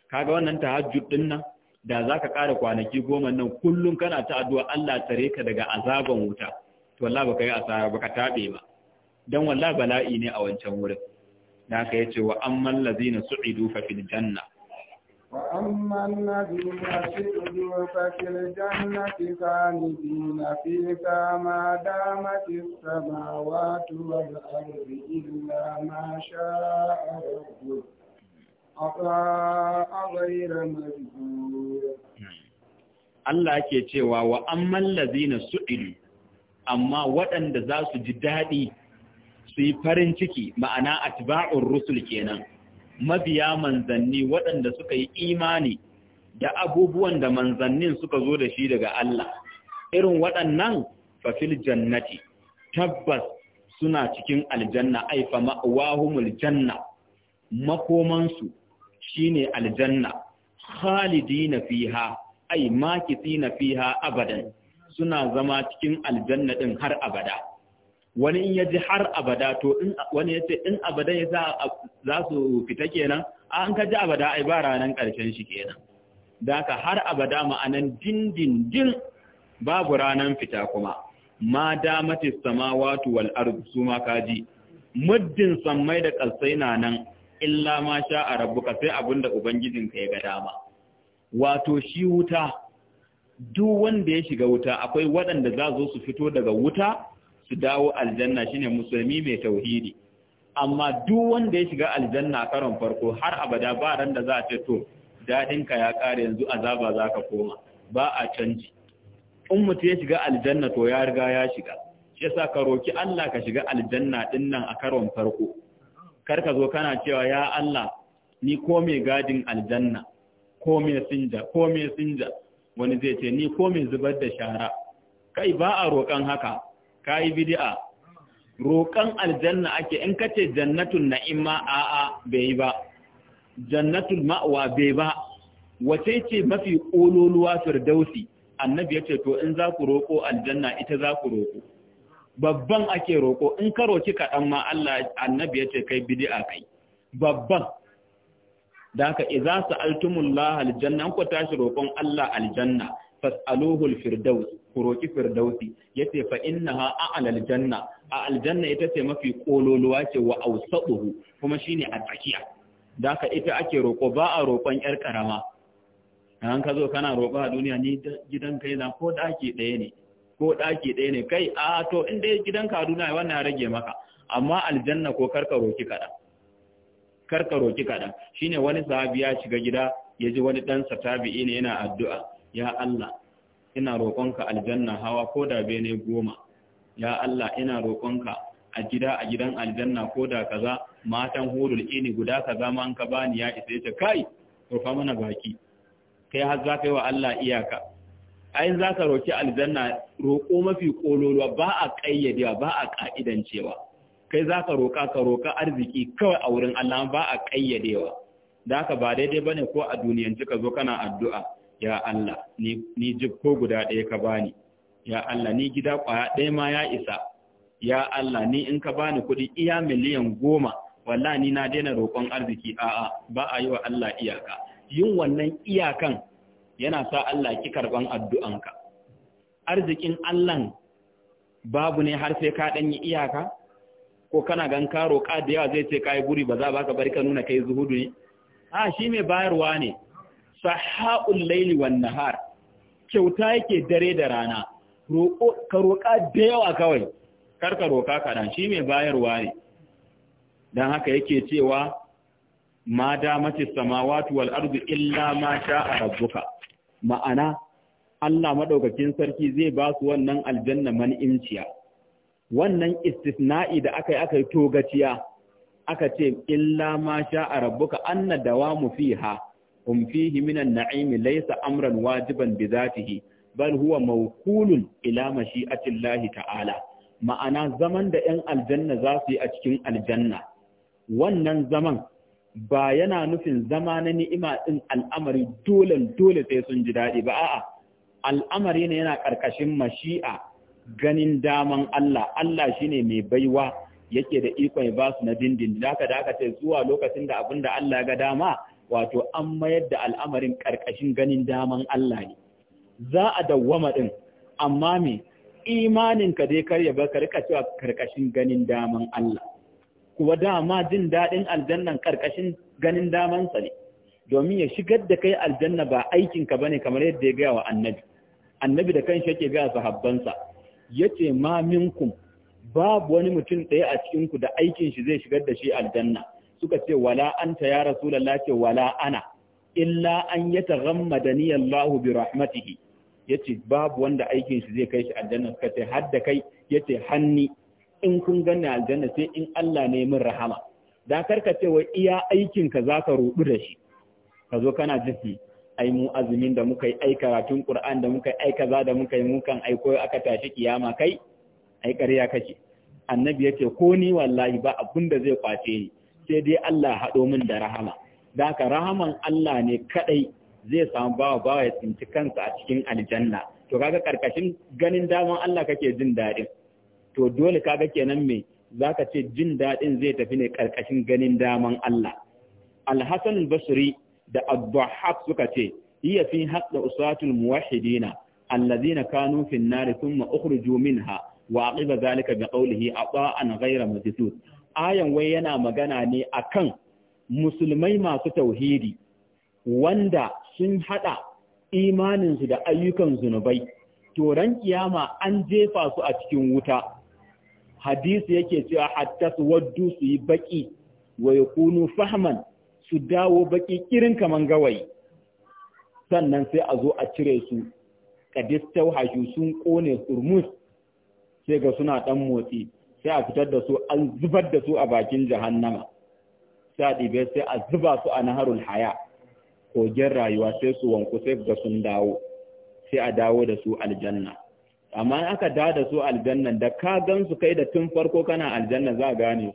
kaga wannan tahajjud din nan da za ka ƙara kwanaki goma nan kullum kana ta addu'a Allah tare ka daga azaban wuta to walla baka yi asara ka tabe ba dan walla bala'i ne a wancan wurin da aka cewa an malla lazina su'idu fa fil janna وأما الذين سئلوا ففي الجنة خالدين فيها ما دامت السماوات والأرض إلا ما شاء ربك غير مجدود Allah ke cewa wa amman lazina su'ilu amma waɗanda za su ji daɗi su yi farin ciki ma'ana atba'ur rusul kenan mabiya manzanni waɗanda suka yi imani da abubuwan da manzannin suka zo da shi daga Allah irin waɗannan fafil jannati tabbas suna cikin aljanna ai fa ma'awahumul janna makomansu shine aljanna na fiha ai na fiha abadan suna zama cikin aljanna ɗin har abada wani in yaji har abada to in wani ya ce in abada ya sa za su fita kenan an ka ji abada ai ba ranar ƙarshen shi kenan da ka har abada ma'anan dindindin babu ranar fita kuma ma damatis samawatu wal ardu su kaji muddin sammai da kalsai na nan illa ma sha a rabbuka sai abinda ubangijin ka ya ga dama wato shi wuta duk wanda ya shiga wuta akwai waɗanda za zo su fito daga wuta su dawo aljanna shine musulmi mai tauhidi amma duk wanda ya shiga aljanna karon farko har abada ba ran da za a ce to ka ya kare yanzu azaba za ka koma ba a canji in mutum ya shiga aljanna to ya riga ya shiga shi yasa ka roki Allah ka shiga aljanna din nan a karon farko kar ka zo kana cewa ya Allah ni ko me gadin aljanna ko me sinja ko me sinja wani zai ce ni ko me zubar da shara kai ba a roƙan haka ka yi bidi'a roƙon aljanna ake in ka ce na'ima na'ima a'a bai yi ba jannatul ma'wa bai ba wace ce mafi ƙololuwa firdausi annabi ya ce to in za ku roƙo aljanna ita za ku roƙo babban ake roko in ka roƙi kaɗan ma Allah annabi ya ce kai bidi'a kai babban da haka idza sa'altumullaha aljanna ku tashi rokon Allah aljanna fas'aluhul firdaus ku roki firdausi yace fa innaha a'lal aljanna. a aljanna ita ce mafi kololuwa ce wa awsatuhu kuma shine a tsakiya daka ita ake roko ba a roƙon yar karama an ka zo kana roƙo a duniya ni gidan kai na ko daki ɗaya ne ko daki ɗaya ne kai a to in dai gidan ka duniya wannan ya rage maka amma aljanna ko karka roki kada karka roki kada shine wani sahabi ya shiga gida ya ji wani ɗansa tabi'i ne yana addu'a, ya Allah, ina roƙonka aljanna hawa ko da bene goma ya Allah ina roƙonka a gida a gidan aljanna ko da kaza matan hurul ini guda kaza ma ka bani ya isa yace kai rufa mana baki kai har za ka yi wa Allah iyaka ai za ka roki aljanna roƙo mafi kololuwa ba a ƙayyadewa ba a ƙa'idancewa kai za ka roƙa ka roƙa arziki kawai a wurin Allah ba a ƙayyadewa da ka ba daidai bane ko a duniyan ka zo kana addu'a ya Allah ni jibko guda ɗaya ka bani ya Allah ni gida ƙwaya ɗaya ma ya isa ya Allah ni in ka bani kuɗi iya miliyan goma walla ni na daina roƙon arziki a'a ba a yi wa Allah iyaka yin wannan iyakan yana sa Allah ki karɓan addu'anka arzikin Allah babu ne har sai ka ɗan yi iyaka ko kana gan ka roƙa da yawa zai ce kai guri ba za baka bari ka nuna kai zuhudu ne a shi mai bayarwa ne saha'ul laili wan har? kyauta yake dare da rana ka roƙa da yawa kawai karka roƙa kaɗan shi mai bayarwa ne don haka yake cewa ma damatis samawati wal ardu illa ma sha'a rabbuka ma'ana Allah Maɗaukakin sarki zai ba su wannan aljanna man'inciya wannan istisna'i da aka yi aka yi togaciya aka ce illa ma sha'a rabbuka anna fi fiha hum fihi minan na'imi laysa amran wajiban bi zatihi bal huwa mawkulun ila mashi'atillahi ta'ala ma'ana zaman da 'yan aljanna za su yi a cikin aljanna wannan zaman ba yana nufin zama na ni'ima ɗin al'amari dole dole sai sun ji daɗi ba a'a al'amari ne yana ƙarƙashin mashi'a ganin daman Allah Allah shine mai baiwa yake da ikon ba su na dindin da aka da aka zuwa lokacin da abin da Allah ya ga dama wato an mayar da al'amarin ƙarƙashin ganin daman Allah ne za a dawwama ɗin. amma me imanin ka dai kar ya karka cewa ƙarƙashin ganin daman Allah kuwa dama jin daɗin aljannan ƙarƙashin ganin damansa ne domin ya shigar da kai aljanna ba aikinka ba ne kamar yadda ya gaya wa annabi annabi da kanshi yake gaya sahabbansa ya ce ma minkum babu wani mutum ɗaya a cikinku da aikin shi zai shigar da shi aljanna suka ce wala anta ya rasulullah ce wala ana illa an yataghammadani lahu bi rahmatihi ce babu wanda aikin shi zai kai shi aljanna suka ce hadda kai kai yace hanni in kun gani aljanna sai in Allah ne min rahama da karka ce wai iya aikin ka zaka rubu da shi ka zo kana jiki ai mu azumin da muka yi ai karatun Qur'an da muka yi ai kaza da muka yi mu kan ai koyo aka tashi kiyama kai ai ƙarya kake annabi yace ko ni wallahi ba abun da zai kwace ni sai dai Allah haɗo min da rahama da haka rahaman Allah ne kadai zai samu bawa bawa ya tsinci kansa a cikin aljanna to kaga karkashin ganin daman Allah kake jin daɗin to dole kaga kenan me ka ce jin daɗin zai tafi ne karkashin ganin daman Allah Alhassan basri da Abdu'ahab suka ce iya fi haɗa usatul muwahhidina alladhina kanu fi an-nar thumma ukhrijoo minha wa aqiba dhalika a ɓa'an ghayra majzud ayan wai yana magana ne akan musulmai masu tauhidi wanda sun hada imaninsu da ayyukan zunubai toran kiyama an jefa su a cikin wuta hadisi yake cewa hatta su waddu su yi baki wa yakunu fahman su dawo baki kirin kaman gawayi sannan sai a zo a cire su kadistau haju sun kone turmus sai ga suna dan motsi sai a fitar da su an zubar da su a bakin jahannama sai a ɗibe sai a zuba su a naharul haya kogin rayuwa sai su wanku sai ga sun dawo sai a dawo da su aljanna amma in aka dawo da su aljanna da ka gan kai da tun farko kana aljanna za gane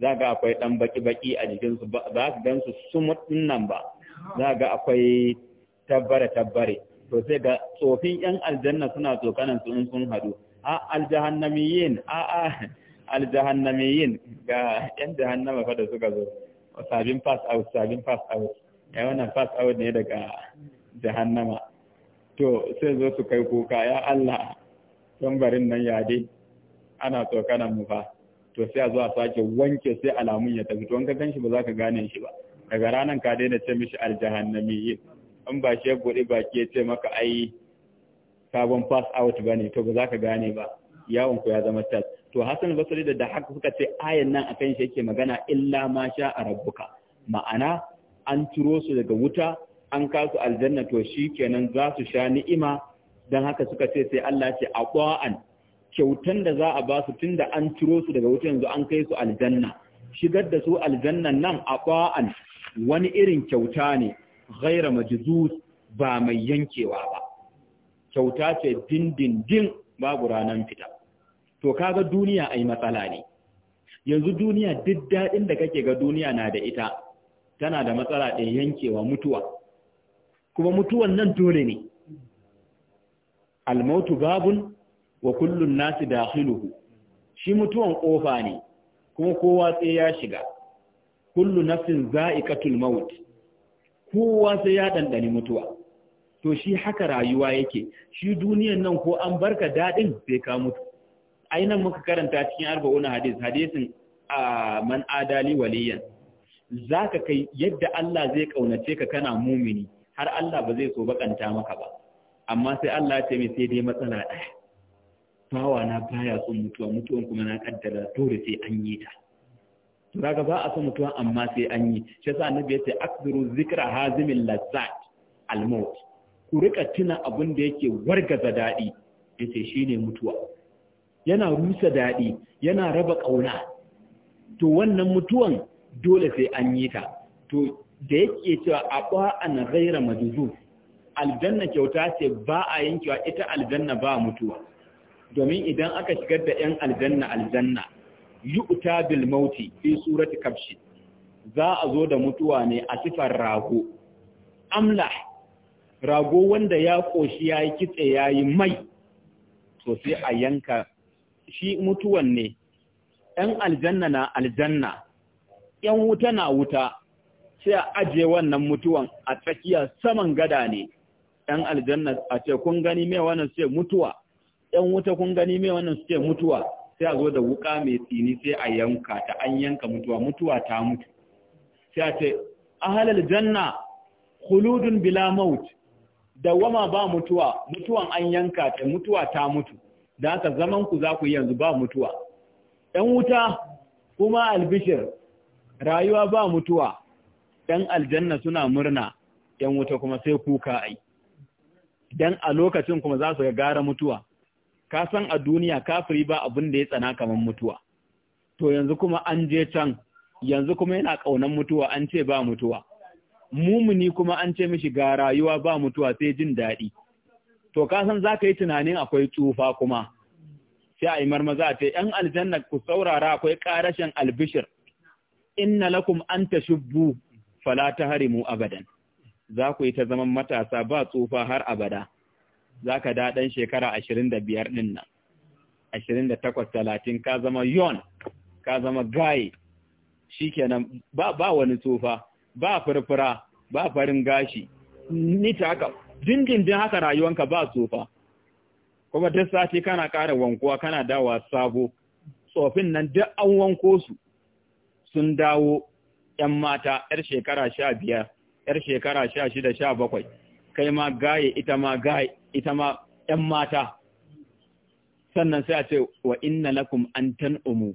za ga akwai ɗan baki-baki a jikinsu ba za gan su sumut nan ba za ga akwai tabbare-tabbare to sai ga tsofin 'yan aljanna suna tsokanan in sun haɗu aljahannamiyin a'a aljahannamiyin ga yan jahannama fa da suka zo sabin pass out sabin pass out ya wannan pass out ne daga jahannama to sai zo su kai kuka ya Allah tambarin nan ya dai ana tsokanan mu fa to sai a zo a sake wanke sai alamun ya tafi to wanka ganshi ba za ka gane shi ba daga ranan ka daina ce mishi aljahannamiyin in ba shi ya buɗe baki ya ce maka ai sabon pass out ba ne to ba za ka gane ba yawon ku ya zama tas to hasan basri da haka suka ce ayan nan kan shi yake magana illa ma sha a rabbuka ma'ana an turo su daga wuta an kasu aljanna to shi kenan za su sha ni'ima don haka suka ce sai Allah ce a ƙwa'an. kyautan da za a ba su tun da an turo su daga wuta yanzu an kai su aljanna shigar da su aljannan nan a ƙwa'an wani irin kyauta ne ghaira majzuz ba mai yankewa ba kyauta ce dindindin babu ranar fita to kaga duniya ai matsala ne yanzu duniya duk daɗin da kake ga duniya na da ita tana da matsala ɗin yankewa mutuwa kuma mutuwan nan dole ne almautu babun wa kullun da dakhiluhu shi mutuwan ƙofa ne kuma kowa sai ya shiga kullu nafsin za'iqatul maut kowa sai ya dandani mutuwa to shi haka rayuwa yake shi duniyan nan ko an barka dadin sai ka mutu ainihin muka karanta cikin arba'una hadis hadisin a man adali waliyan zaka kai yadda Allah zai kaunace ka kana mumini har Allah ba zai so bakanta maka ba amma sai Allah ya ce mai sai dai matsala ɗaya bawa na baya son mutuwa mutuwan kuma na kaddara dole sai an yi ta to ba a son mutuwa amma sai an yi shi yasa annabi ya ce akbiru zikra Hazimin, lazzat al-maut ku rika tuna abin da yake wargaza daɗi yace shine mutuwa yana rusa daɗi yana raba ƙauna to wannan mutuwan dole sai an yi ta to da yake cewa a ɓa'an zaira majzuz aljanna kyauta ce ba a yankewa ita aljanna ba mutuwa domin idan aka shigar da 'yan aljanna aljanna yu'ta bil mauti fi suratu kafshi. za a zo da mutuwa ne a sifar rago Amla. rago wanda ya koshi ya yi kitse ya yi mai to sai a yanka shi mutuwan ne ‘yan aljanna na aljanna ‘yan wuta na wuta sai a ajiye wannan mutuwan a tsakiya saman gada ne ‘yan aljanna a ce kun gani mai wannan sai mutuwa ‘yan wuta kun gani mai wannan sai mutuwa sai a zo da wuka mai tsini sai a yanka ta an yanka mutuwa mutuwa ta mutu sai a ce ahalal janna khuludun bila maut dawama ba mutuwa mutuwan an yanka ta mutuwa ta mutu da haka zaman ku za ku yanzu ba mutuwa ɗan wuta kuma albishir rayuwa ba mutuwa ɗan aljanna suna murna ɗan wuta kuma sai kuka ai dan a lokacin kuma za su gara mutuwa ka san a duniya kafiri ba abin da ya tsana kamar mutuwa to yanzu kuma an je can yanzu kuma yana ƙaunar mutuwa an ce ba mutuwa mumuni kuma an ce mishi ga rayuwa ba mutuwa sai jin daɗi to ka san ka yi tunanin akwai tsufa kuma sai a yi marmaza ta ‘yan aljanna ku saurara akwai ƙarashin albishir, inna lakum an ta shubbu fala ta harimu abadan, za ku yi ta zaman matasa ba tsufa har abada, za ka daɗan shekara ashirin da biyar ɗin nan, ashirin da takwas talatin ka zama yon, ka zama gaye, shi kenan ba wani tsufa, ba furfura ba farin gashi ni ta haka dindindin haka rayuwanka ba tsofa kuma duk sati kana ƙara wankuwa kana dawa sabo tsofin nan duk an wanko su sun dawo ‘yan mata ‘yar shekara sha biyar ‘yar shekara sha shida sha bakwai kai ma gaye ita ma gaye ita ma ‘yan mata sannan sai a ce wa inna lakum an tan'umu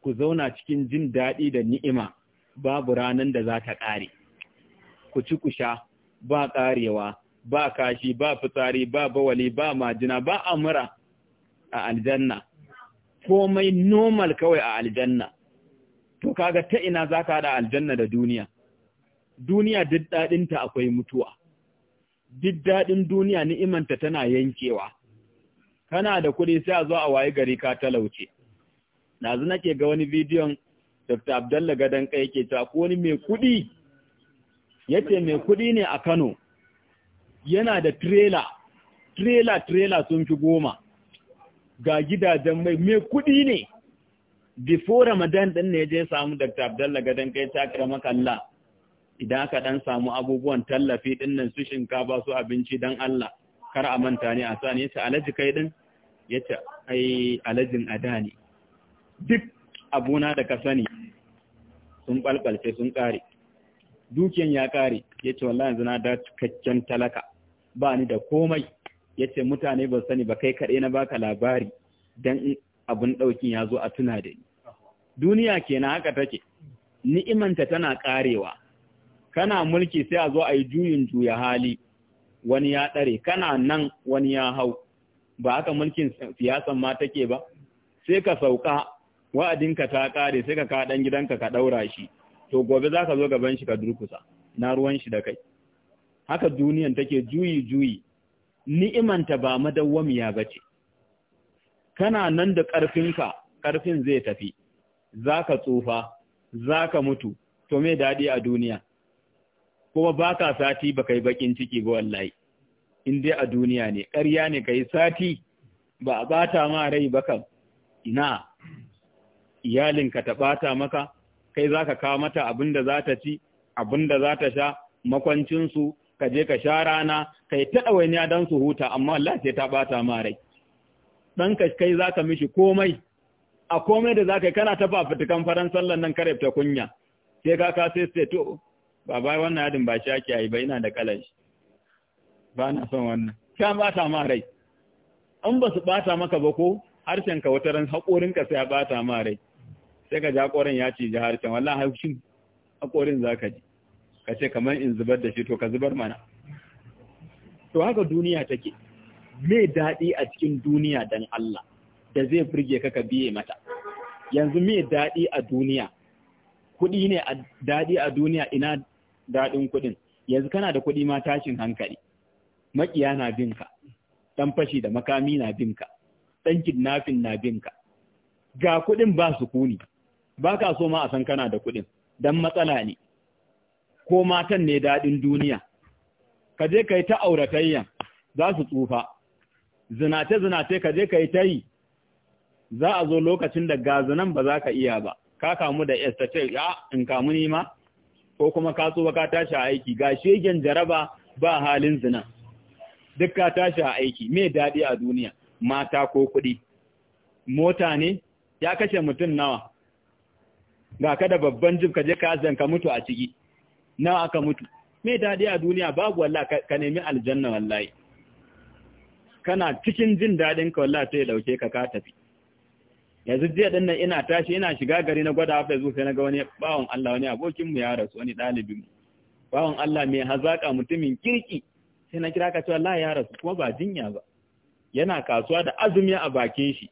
ku zauna cikin jin daɗi da ni'ima babu ranar da za ta ƙare. Ku ci ku sha, ba ƙarewa, ba kashi, ba fitsari, ba bawali, ba majina, ba amura a aljanna. Komai nomal kawai a aljanna. To kaga ta ina za ka haɗa aljanna da duniya. Duniya duk daɗinta akwai mutuwa. Duk daɗin duniya ni'imanta tana yankewa. Kana da kuɗi sai a zo a wayi gari ka talauce. Nazu nake ga wani bidiyon Dr. Abdalla gadon kai yake ta, ko wani mai kuɗi yace mai kuɗi ne a Kano yana da trailer trailer trailer sun fi goma ga gidajen mai mai kuɗi ne before Ramadan din ne je samu Dr. Abdalla gadon kai ta karama idan aka dan samu abubuwan tallafi din nan su shinkafa su abinci dan Allah kar a manta ne a sa ne alaji kai din yace ai alajin ada ne duk abuna da ka sani sun balbalce sun kare dukiyan ya kare yace wallahi yanzu na da cikakken talaka ba ni da komai yace mutane ba sani ba kai kaɗai na baka labari dan abun ɗaukin ya zo a tuna da ni duniya kenan haka take ni'imanta tana karewa kana mulki sai a zo a yi juyin juya hali wani ya ɗare kana nan wani ya hau ba haka mulkin siyasan ma take ba sai ka sauka wa'adinka ta kare sai ka ka dan gidanka ka daura shi to gobe zaka zo gaban shi ka durkusa na ruwan shi da kai haka duniyan take juyi juyi ni'imanta ba madawwamiya bace kana nan da ƙarfinka karfin zai tafi zaka tsufa zaka mutu to me dadi a duniya kuma baka sati ba kai bakin ciki ba wallahi in dai a duniya ne ƙarya ne kai sati ba a bata ma rai ba kan ina iyalinka ta bata maka kai za ka kawo mata abin da za ta ci abin da za ta sha makwancinsu ka je ka sha rana kai ta ɗawainiya don su huta amma Allah ce ta bata ma rai ɗanka kai za ka mishi komai a komai da za ka yi kana ta fafutukan faran sallan nan kare ta kunya sai ka ka sai sai to ba bai wannan yadin ba shi ake yi ba ina da kalan shi ba na son wannan ka bata ma rai in ba su bata maka ba ko harshen ka wataran haƙorin ka sai ya bata ma rai sai ka ji haƙorin ya ce ji harshen wallahi haushin za zaka ji ka ce kamar in zubar da shi to ka zubar mana to haka duniya take me daɗi a cikin duniya dan Allah da zai burge ka ka biye mata yanzu mai daɗi a duniya kuɗi ne a daɗi a duniya ina daɗin kuɗin yanzu kana da kuɗi ma tashin hankali makiya na bin ka. Ɗan fashi da makami na bin ka. Ɗan kidnafin na bin ka. ga kuɗin ba su kuni. ba ka so ma a san kana da kuɗin don matsala ne ko matan ne daɗin duniya ka je ka yi ta auratayyan za su tsufa zinace-zinace ka je ka yi ta yi za a zo lokacin da gazinan ba za ka iya ba ka kamu da yasta ya in kamu ni ko kuma ka tsufa ka tashi a aiki ga shegen jaraba ba halin zina duk ka tashi a aiki me daɗi a duniya mata ko kuɗi mota ne ya kashe mutum nawa ga kada babban jib ka je ka azan ka mutu a ciki na aka mutu me dadi a duniya babu wallahi ka nemi aljanna wallahi kana cikin jin dadin ka wallahi sai dauke ka ka tafi yanzu jiya din nan ina tashi ina shiga gari na gwada hafa zuwa sai na ga wani bawon Allah wani abokin mu ya rasu wani dalibi mu bawon Allah mai hazaka mutumin kirki sai na kira ka cewa wallahi ya rasu kuma ba jinya ba yana kasuwa da azumi a bakin shi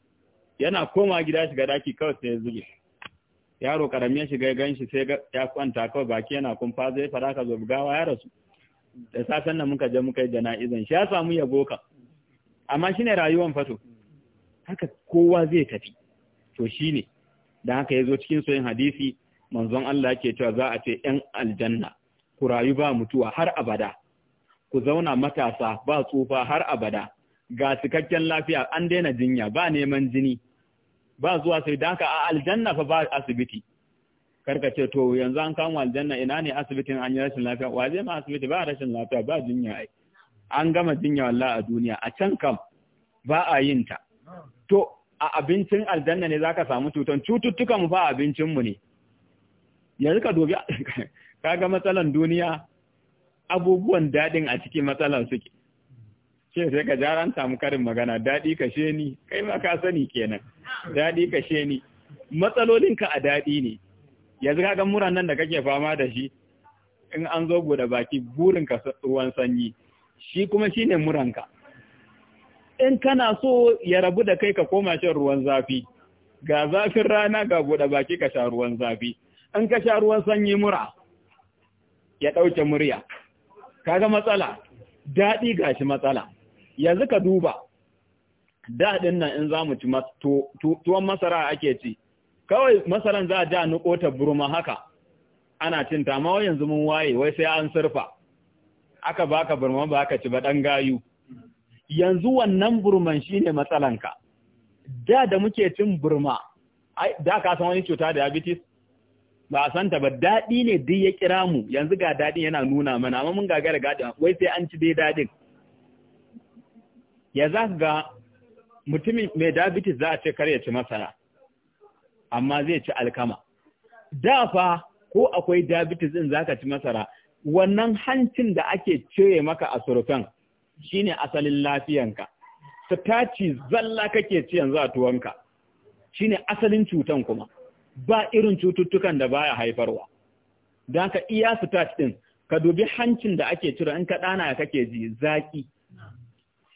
yana koma gida shiga daki kawai sai ya zube yaro karamin ya shiga gan shi sai ya kwanta kawai baki yana kumfa zai fara ka zo bugawa ya rasu da safen nan muka je muka yi jana'izan shi ya samu yabo ka amma shine rayuwan fato haka kowa zai tafi to shine dan haka yazo cikin soyin hadisi manzon Allah yake cewa za a ce 'yan aljanna ku rayu ba mutuwa har abada ku zauna matasa ba tsufa har abada ga cikakken lafiya an daina jinya ba neman jini ba zuwa sai daka haka a aljanna fa ba asibiti karka ce to yanzu an kama aljanna ina ne asibitin an yi rashin lafiya wa zai ma asibiti ba rashin lafiya ba jinya ai an gama jinya wallahi a duniya a can kam ba a yin ta to a abincin aljanna ne zaka samu cutan cututtukan mu fa abincin mu ne yanzu ka dubi [laughs] kaga matsalan duniya abubuwan dadin a cikin matsalan suke ce sai ka jara mu samu karin magana daɗi ka she ni kai ma ka sani kenan daɗi ka she ni matsalolinka a daɗi ne yanzu ka ga muran nan da kake fama da shi in an zo goda baki burin ka ruwan sanyi shi kuma shine muranka in kana so ya rabu da kai ka koma shan ruwan zafi ga zafin rana ga goda baki ka sha ruwan zafi in ka sha ruwan sanyi mura ya ɗauke murya kaga matsala daɗi gashi matsala yanzu ka duba daɗin nan in za mu ci tuwon masara ake ci kawai masaran za a ja nuko ta burma haka ana cin ta ma yanzu mun waye wai sai an surfa aka baka burma ba aka ci ba dan gayu yanzu wannan burman shine matsalanka da da muke cin burma da ka san wani cuta diabetes ba a santa ba daɗi ne duk ya kira mu yanzu ga daɗin yana nuna mana amma mun gagara gadin wai sai an ci dai daɗin ya za ga mutumin mai diabetes za a ce kar ya ci masara amma zai ci alkama da fa ko akwai diabetes din zaka ci masara wannan hancin da ake cire maka a shine asalin lafiyanka sitaci zalla kake ci yanzu a tuwanka shine asalin cutan kuma ba irin cututtukan da baya haifarwa dan ka iya starch din ka dubi hancin da ake cire in ka dana kake ji zaki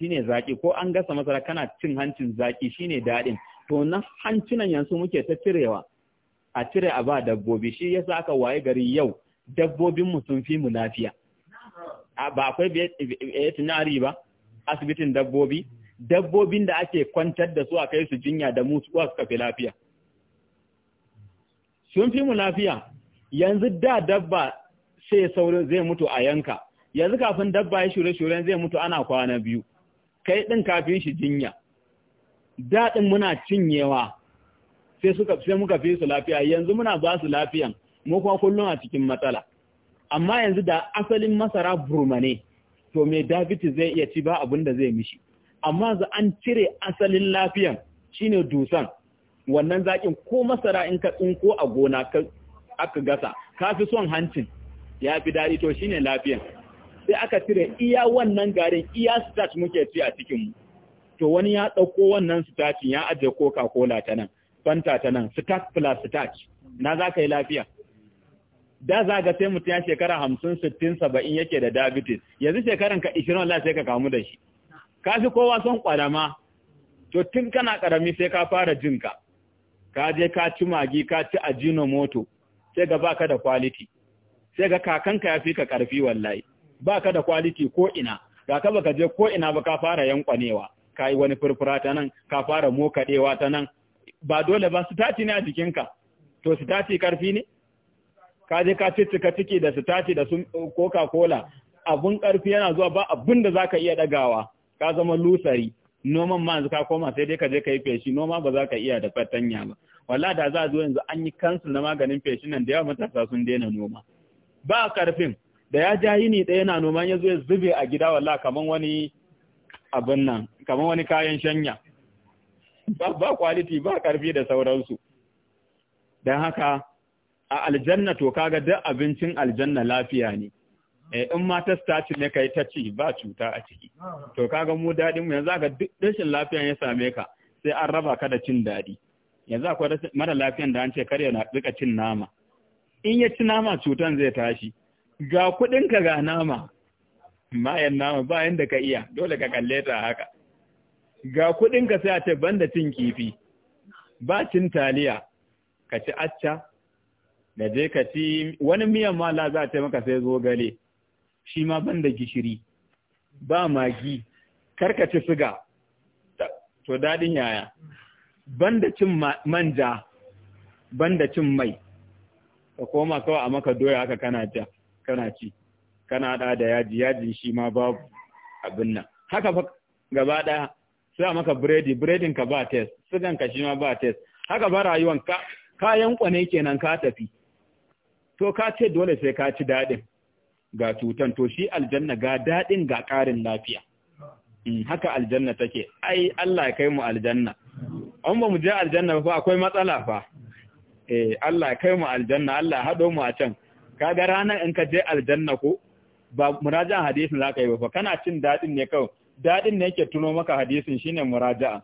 shine zaki ko an gasa masara kana cin hancin zaki shine daɗin to na hancinan yanzu muke ta cirewa a cire a ba dabbobi shi yasa aka waye gari yau dabbobin mu sun fi mu lafiya ba akwai veterinary ba asibitin dabbobi dabbobin da ake kwantar da su a kai su jinya da mu suka fi lafiya sun fi mu lafiya yanzu da dabba sai saurin zai mutu a yanka yanzu kafin dabba ya shure-shuren zai mutu ana kwana biyu kai ɗin kafin shi jinya daɗin muna cinyewa sai suka sai muka fi su lafiya yanzu muna ba su lafiyan mu kuma kullum a cikin matsala amma yanzu da asalin masara burmane to me David zai iya ci ba abin da zai mishi amma za an cire asalin lafiyan shine dusan wannan zakin ko masara in ka tsinko a gona ka aka gasa ka fi son hancin ya fi daɗi to shine lafiyan sai aka cire iya wannan garin iya starch muke ci a cikin mu to wani ya dauko wannan starch ya ajiye coca cola ta nan fanta ta nan starch plus starch na za ka yi lafiya da za ga sai mutum ya shekara hamsin sittin saba'in yake da diabetes yanzu shekaran ka ishirin wallahi sai ka kamu da shi ka fi kowa son ƙwarama to tun kana karami sai ka fara jin ka ka je ka ci magi ka ci ajinomoto sai ga baka da quality sai ga kakanka ya fi ka karfi wallahi ba ka da kwaliti ko ina ga ka baka je ko ina ba ka fara yankwanewa ka yi wani furfura ta nan ka fara mokaɗewa ta nan ba dole ba sitati ne a jikinka to sitati karfi ne ka je ka cicika ciki da sitati da eh, coca cola abun karfi yana zuwa ba abun da zaka iya dagawa ka zama lusari noman ma yanzu ka koma sai dai ka je ka yi feshi noma ba za ka iya da fatanya ba wallahi da za a zo yanzu an yi kansu na maganin feshin nan da yawa matasa sun daina noma ba karfin da ya ja yini ɗaya yana noman ya zo ya zube a gida wala kamar wani abin nan kaman wani kayan shanya ba kwaliti ba ƙarfi da sauransu don haka a aljanna to kaga duk abincin aljanna lafiya ne eh, in ma ta staci ne kai ta ci ba cuta a ciki to kaga mu daɗin mu yanzu ga duk rashin lafiya ya same ka sai an raba ka da cin daɗi. yanzu akwai mara lafiyan da an ce kar ya rika cin nama in ya ci nama cutan zai tashi ga kuɗinka ga nama mayan nama bayan da ka iya dole ka kalle ta haka ga kuɗinka sai a ce banda cin kifi ba cin taliya ka ci acca da je ka ci wani miyan ma za a ce maka sai zogale shi ma banda gishiri ba magi karkaci suga, to daɗin yaya banda cin manja banda cin mai ka koma kawai a maka doya haka kana ja kana ci kana da da yaji yajin shi ma babu abin nan haka fa gaba daya sai maka biredi biredin ka ba test sugan ka shi ma ba test haka ba rayuwan ka kayan kwane kenan ka tafi to ka ce dole sai ka ci dadin ga tutan to shi aljanna ga dadin ga karin lafiya mm, haka aljanna take ai Allah ya kai mu aljanna an ba mu je aljanna ba akwai matsala fa eh Allah ya kai mu aljanna Allah ya hado mu a can kaga ranar in ka je aljanna ko ba muraja'a hadisin ka yi ba kana cin dadin ne kawai dadin ne yake tuno maka hadisin shine muraja'a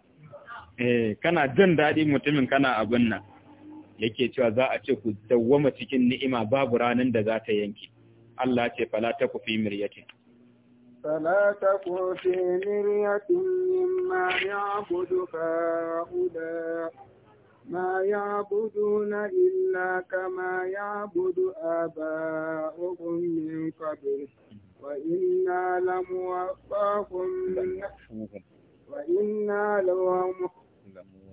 eh kana jin dadi mutumin kana abin nan yake cewa za a ce ku dawwama cikin ni'ima babu ranar da za ta yanke Allah ce fala taku fi miryatin فلا تكن في مرية مما يعبد هؤلاء ما يعبدون إلا كما يعبد آباؤهم من قبل وإنا لموفاهم وإنا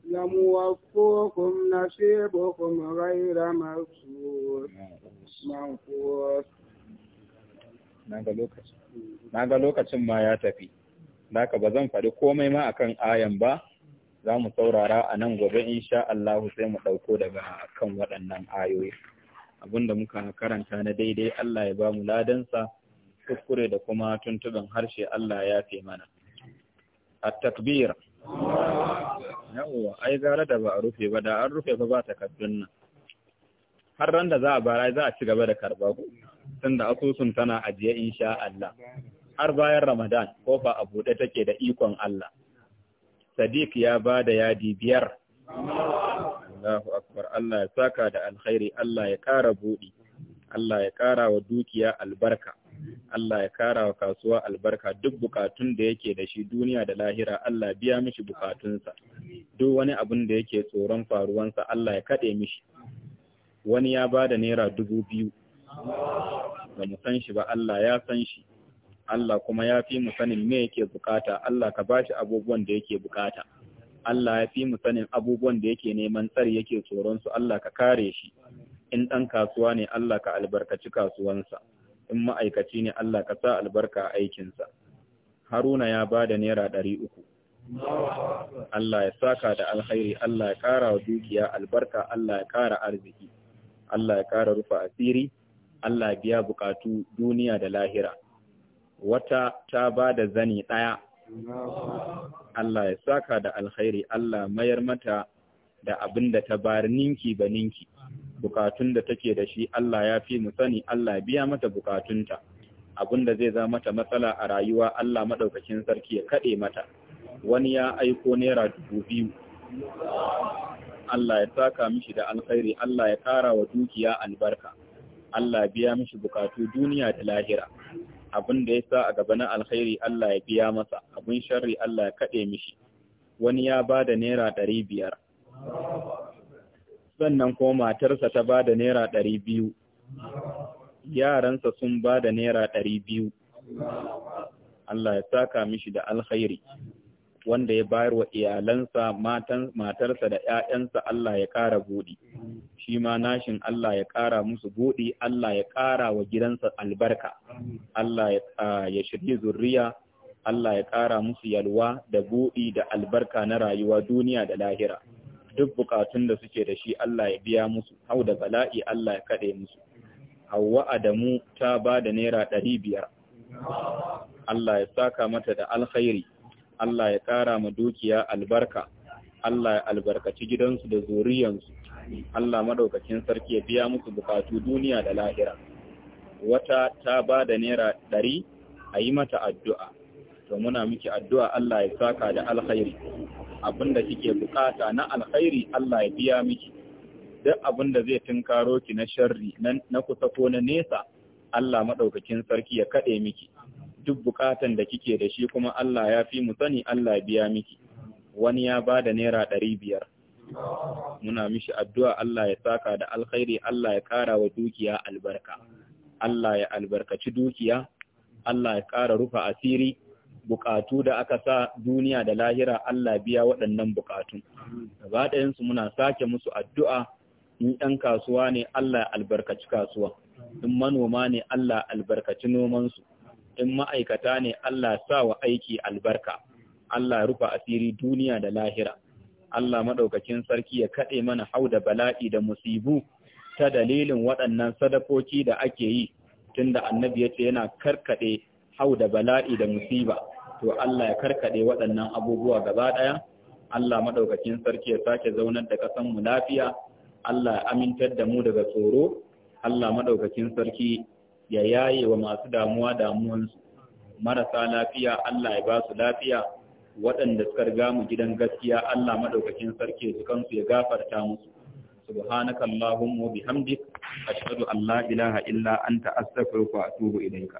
لموفوهم نصيبهم غير مقصود منقوص na ga lokacin ma ya tafi, da ba zan faɗi komai ma akan ayan ba, za mu saurara a nan gobe in sha Allah sai mu ɗauko daga kan waɗannan ayoyi abinda muka karanta na daidai Allah ya ba mu ladansa kuskure da kuma tuntuban harshe Allah ya fi mana A takbir yawwa ai gara da ba a rufe ba da an rufe ba ba takaddun nan har ran da za a bara za a ci gaba da karba ku tunda asusun tana ajiye insha Allah har bayan Ramadan kofa a buɗe take da ikon Allah sadiq ya ba da yadi biyar Allahu akbar Allah ya saka da alkhairi Allah ya ƙara buɗi Allah ya ƙara wa dukiya albarka Allah ya kara wa kasuwa albarka duk bukatun da yake da shi duniya da lahira Allah biya mishi bukatunsa duk wani abin da yake tsoron faruwansa Allah ya kaɗe mishi wani ya ba da naira dubu biyu ba mu san shi ba Allah ya san shi Allah kuma ya fi mu sanin me yake bukata Allah ka bashi abubuwan da yake bukata Allah ya fi mu sanin abubuwan da yake neman tsari yake tsoron su Allah ka kare shi in ɗan kasuwa ne Allah ka albarkaci kasuwansa in ma'aikaci ne Allah ka sa albarka a aikinsa Haruna ya bada naira ɗari uku Allah ya saka da alkhairi Allah ya kara wa dukiya albarka Allah ya kara arziki Allah ya kara rufa asiri Allah ya biya bukatu duniya da lahira wata ta ba da zani ɗaya. Allah ya saka da alkhairi Allah mayar mata da abin da ta bari ninki ba ninki, bukatun da take da shi Allah ya fi mu sani Allah biya mata bukatunta, abin da zai za mata matsala a rayuwa Allah maɗaukacin sarki ya kaɗe mata, wani ya aiko naira dubu biyu. Allah ya saka mishi da alkhairi Allah ya ƙara wa dukiya albarka, Allah biya mishi bukatu duniya da lahira. abin da ya sa a gaba na alkhairi Allah ya biya masa abin sharri Allah ya kaɗe mishi wani ya ba da naira ɗari biyar sannan kuma matarsa ta bada naira ɗari biyu yaransa sun ba da naira ɗari biyu Allah ya saka mishi da alkhairi wanda ya bayar wa iyalansa matan matarsa da 'ya'yansa Allah ya ƙara buɗi shi ma nashin Allah ya ƙara musu buɗi Allah ya ƙara wa gidansa albarka Allah ya shirye zurriya Allah ya ƙara musu yalwa da buɗi da albarka na rayuwa duniya da lahira duk bukatun da suke da shi Allah ya biya musu hau da bala'i Allah ya kaɗe musu Hauwa Adamu ta ba da naira ɗari biyar Allah ya saka mata da alkhairi Allah ya ƙara ma dukiya albarka Allah ya albarkaci gidansu da zuriyansu Allah maɗaukacin sarki ya biya musu bukatu duniya da lahira wata ta ba da naira ɗari a yi mata addu'a to muna miki addu'a Allah ya saka da alkhairi da kike bukata na alkhairi Allah ya biya miki duk da zai tunkaro ki na sharri na kusa ko na nesa Allah maɗaukacin sarki ya kaɗe miki duk bukatan da kike da shi kuma Allah ya fi mu sani Allah biya miki wani ya ba da naira ɗari biyar muna mishi addu'a Allah ya saka da alkhairi Allah ya ƙara wa dukiya albarka Allah ya albarkaci dukiya Allah ya ƙara rufa asiri bukatu da aka sa duniya da lahira Allah biya waɗannan bukatu gaba ɗayansu muna sake musu addu'a in ɗan kasuwa ne Allah ya albarkaci kasuwa in manoma ne Allah albarkaci nomansu in ma'aikata ne Allah sa wa aiki albarka, Allah rufa asiri duniya da lahira, Allah maɗaukakin sarki ya kaɗe mana hau da bala'i da musibu ta dalilin waɗannan sadakoki da ake yi, tunda annabi ya ce yana karkaɗe hau da bala'i da musiba, to Allah ya karkaɗe waɗannan abubuwa gaba ɗaya, Allah maɗaukakin sarki ya sake zaunar da mu lafiya, Allah ya amintar da mu daga tsoro, Allah maɗaukacin sarki ya yaye wa masu damuwa damuwansu marasa lafiya Allah ya ba su lafiya waɗanda suka riga mu gidan gaskiya Allah madaukakin sarki su kansu ya gafarta musu subhanakallahumma wa bihamdik ashhadu an la ilaha illa anta astaghfiruka wa atubu ilayka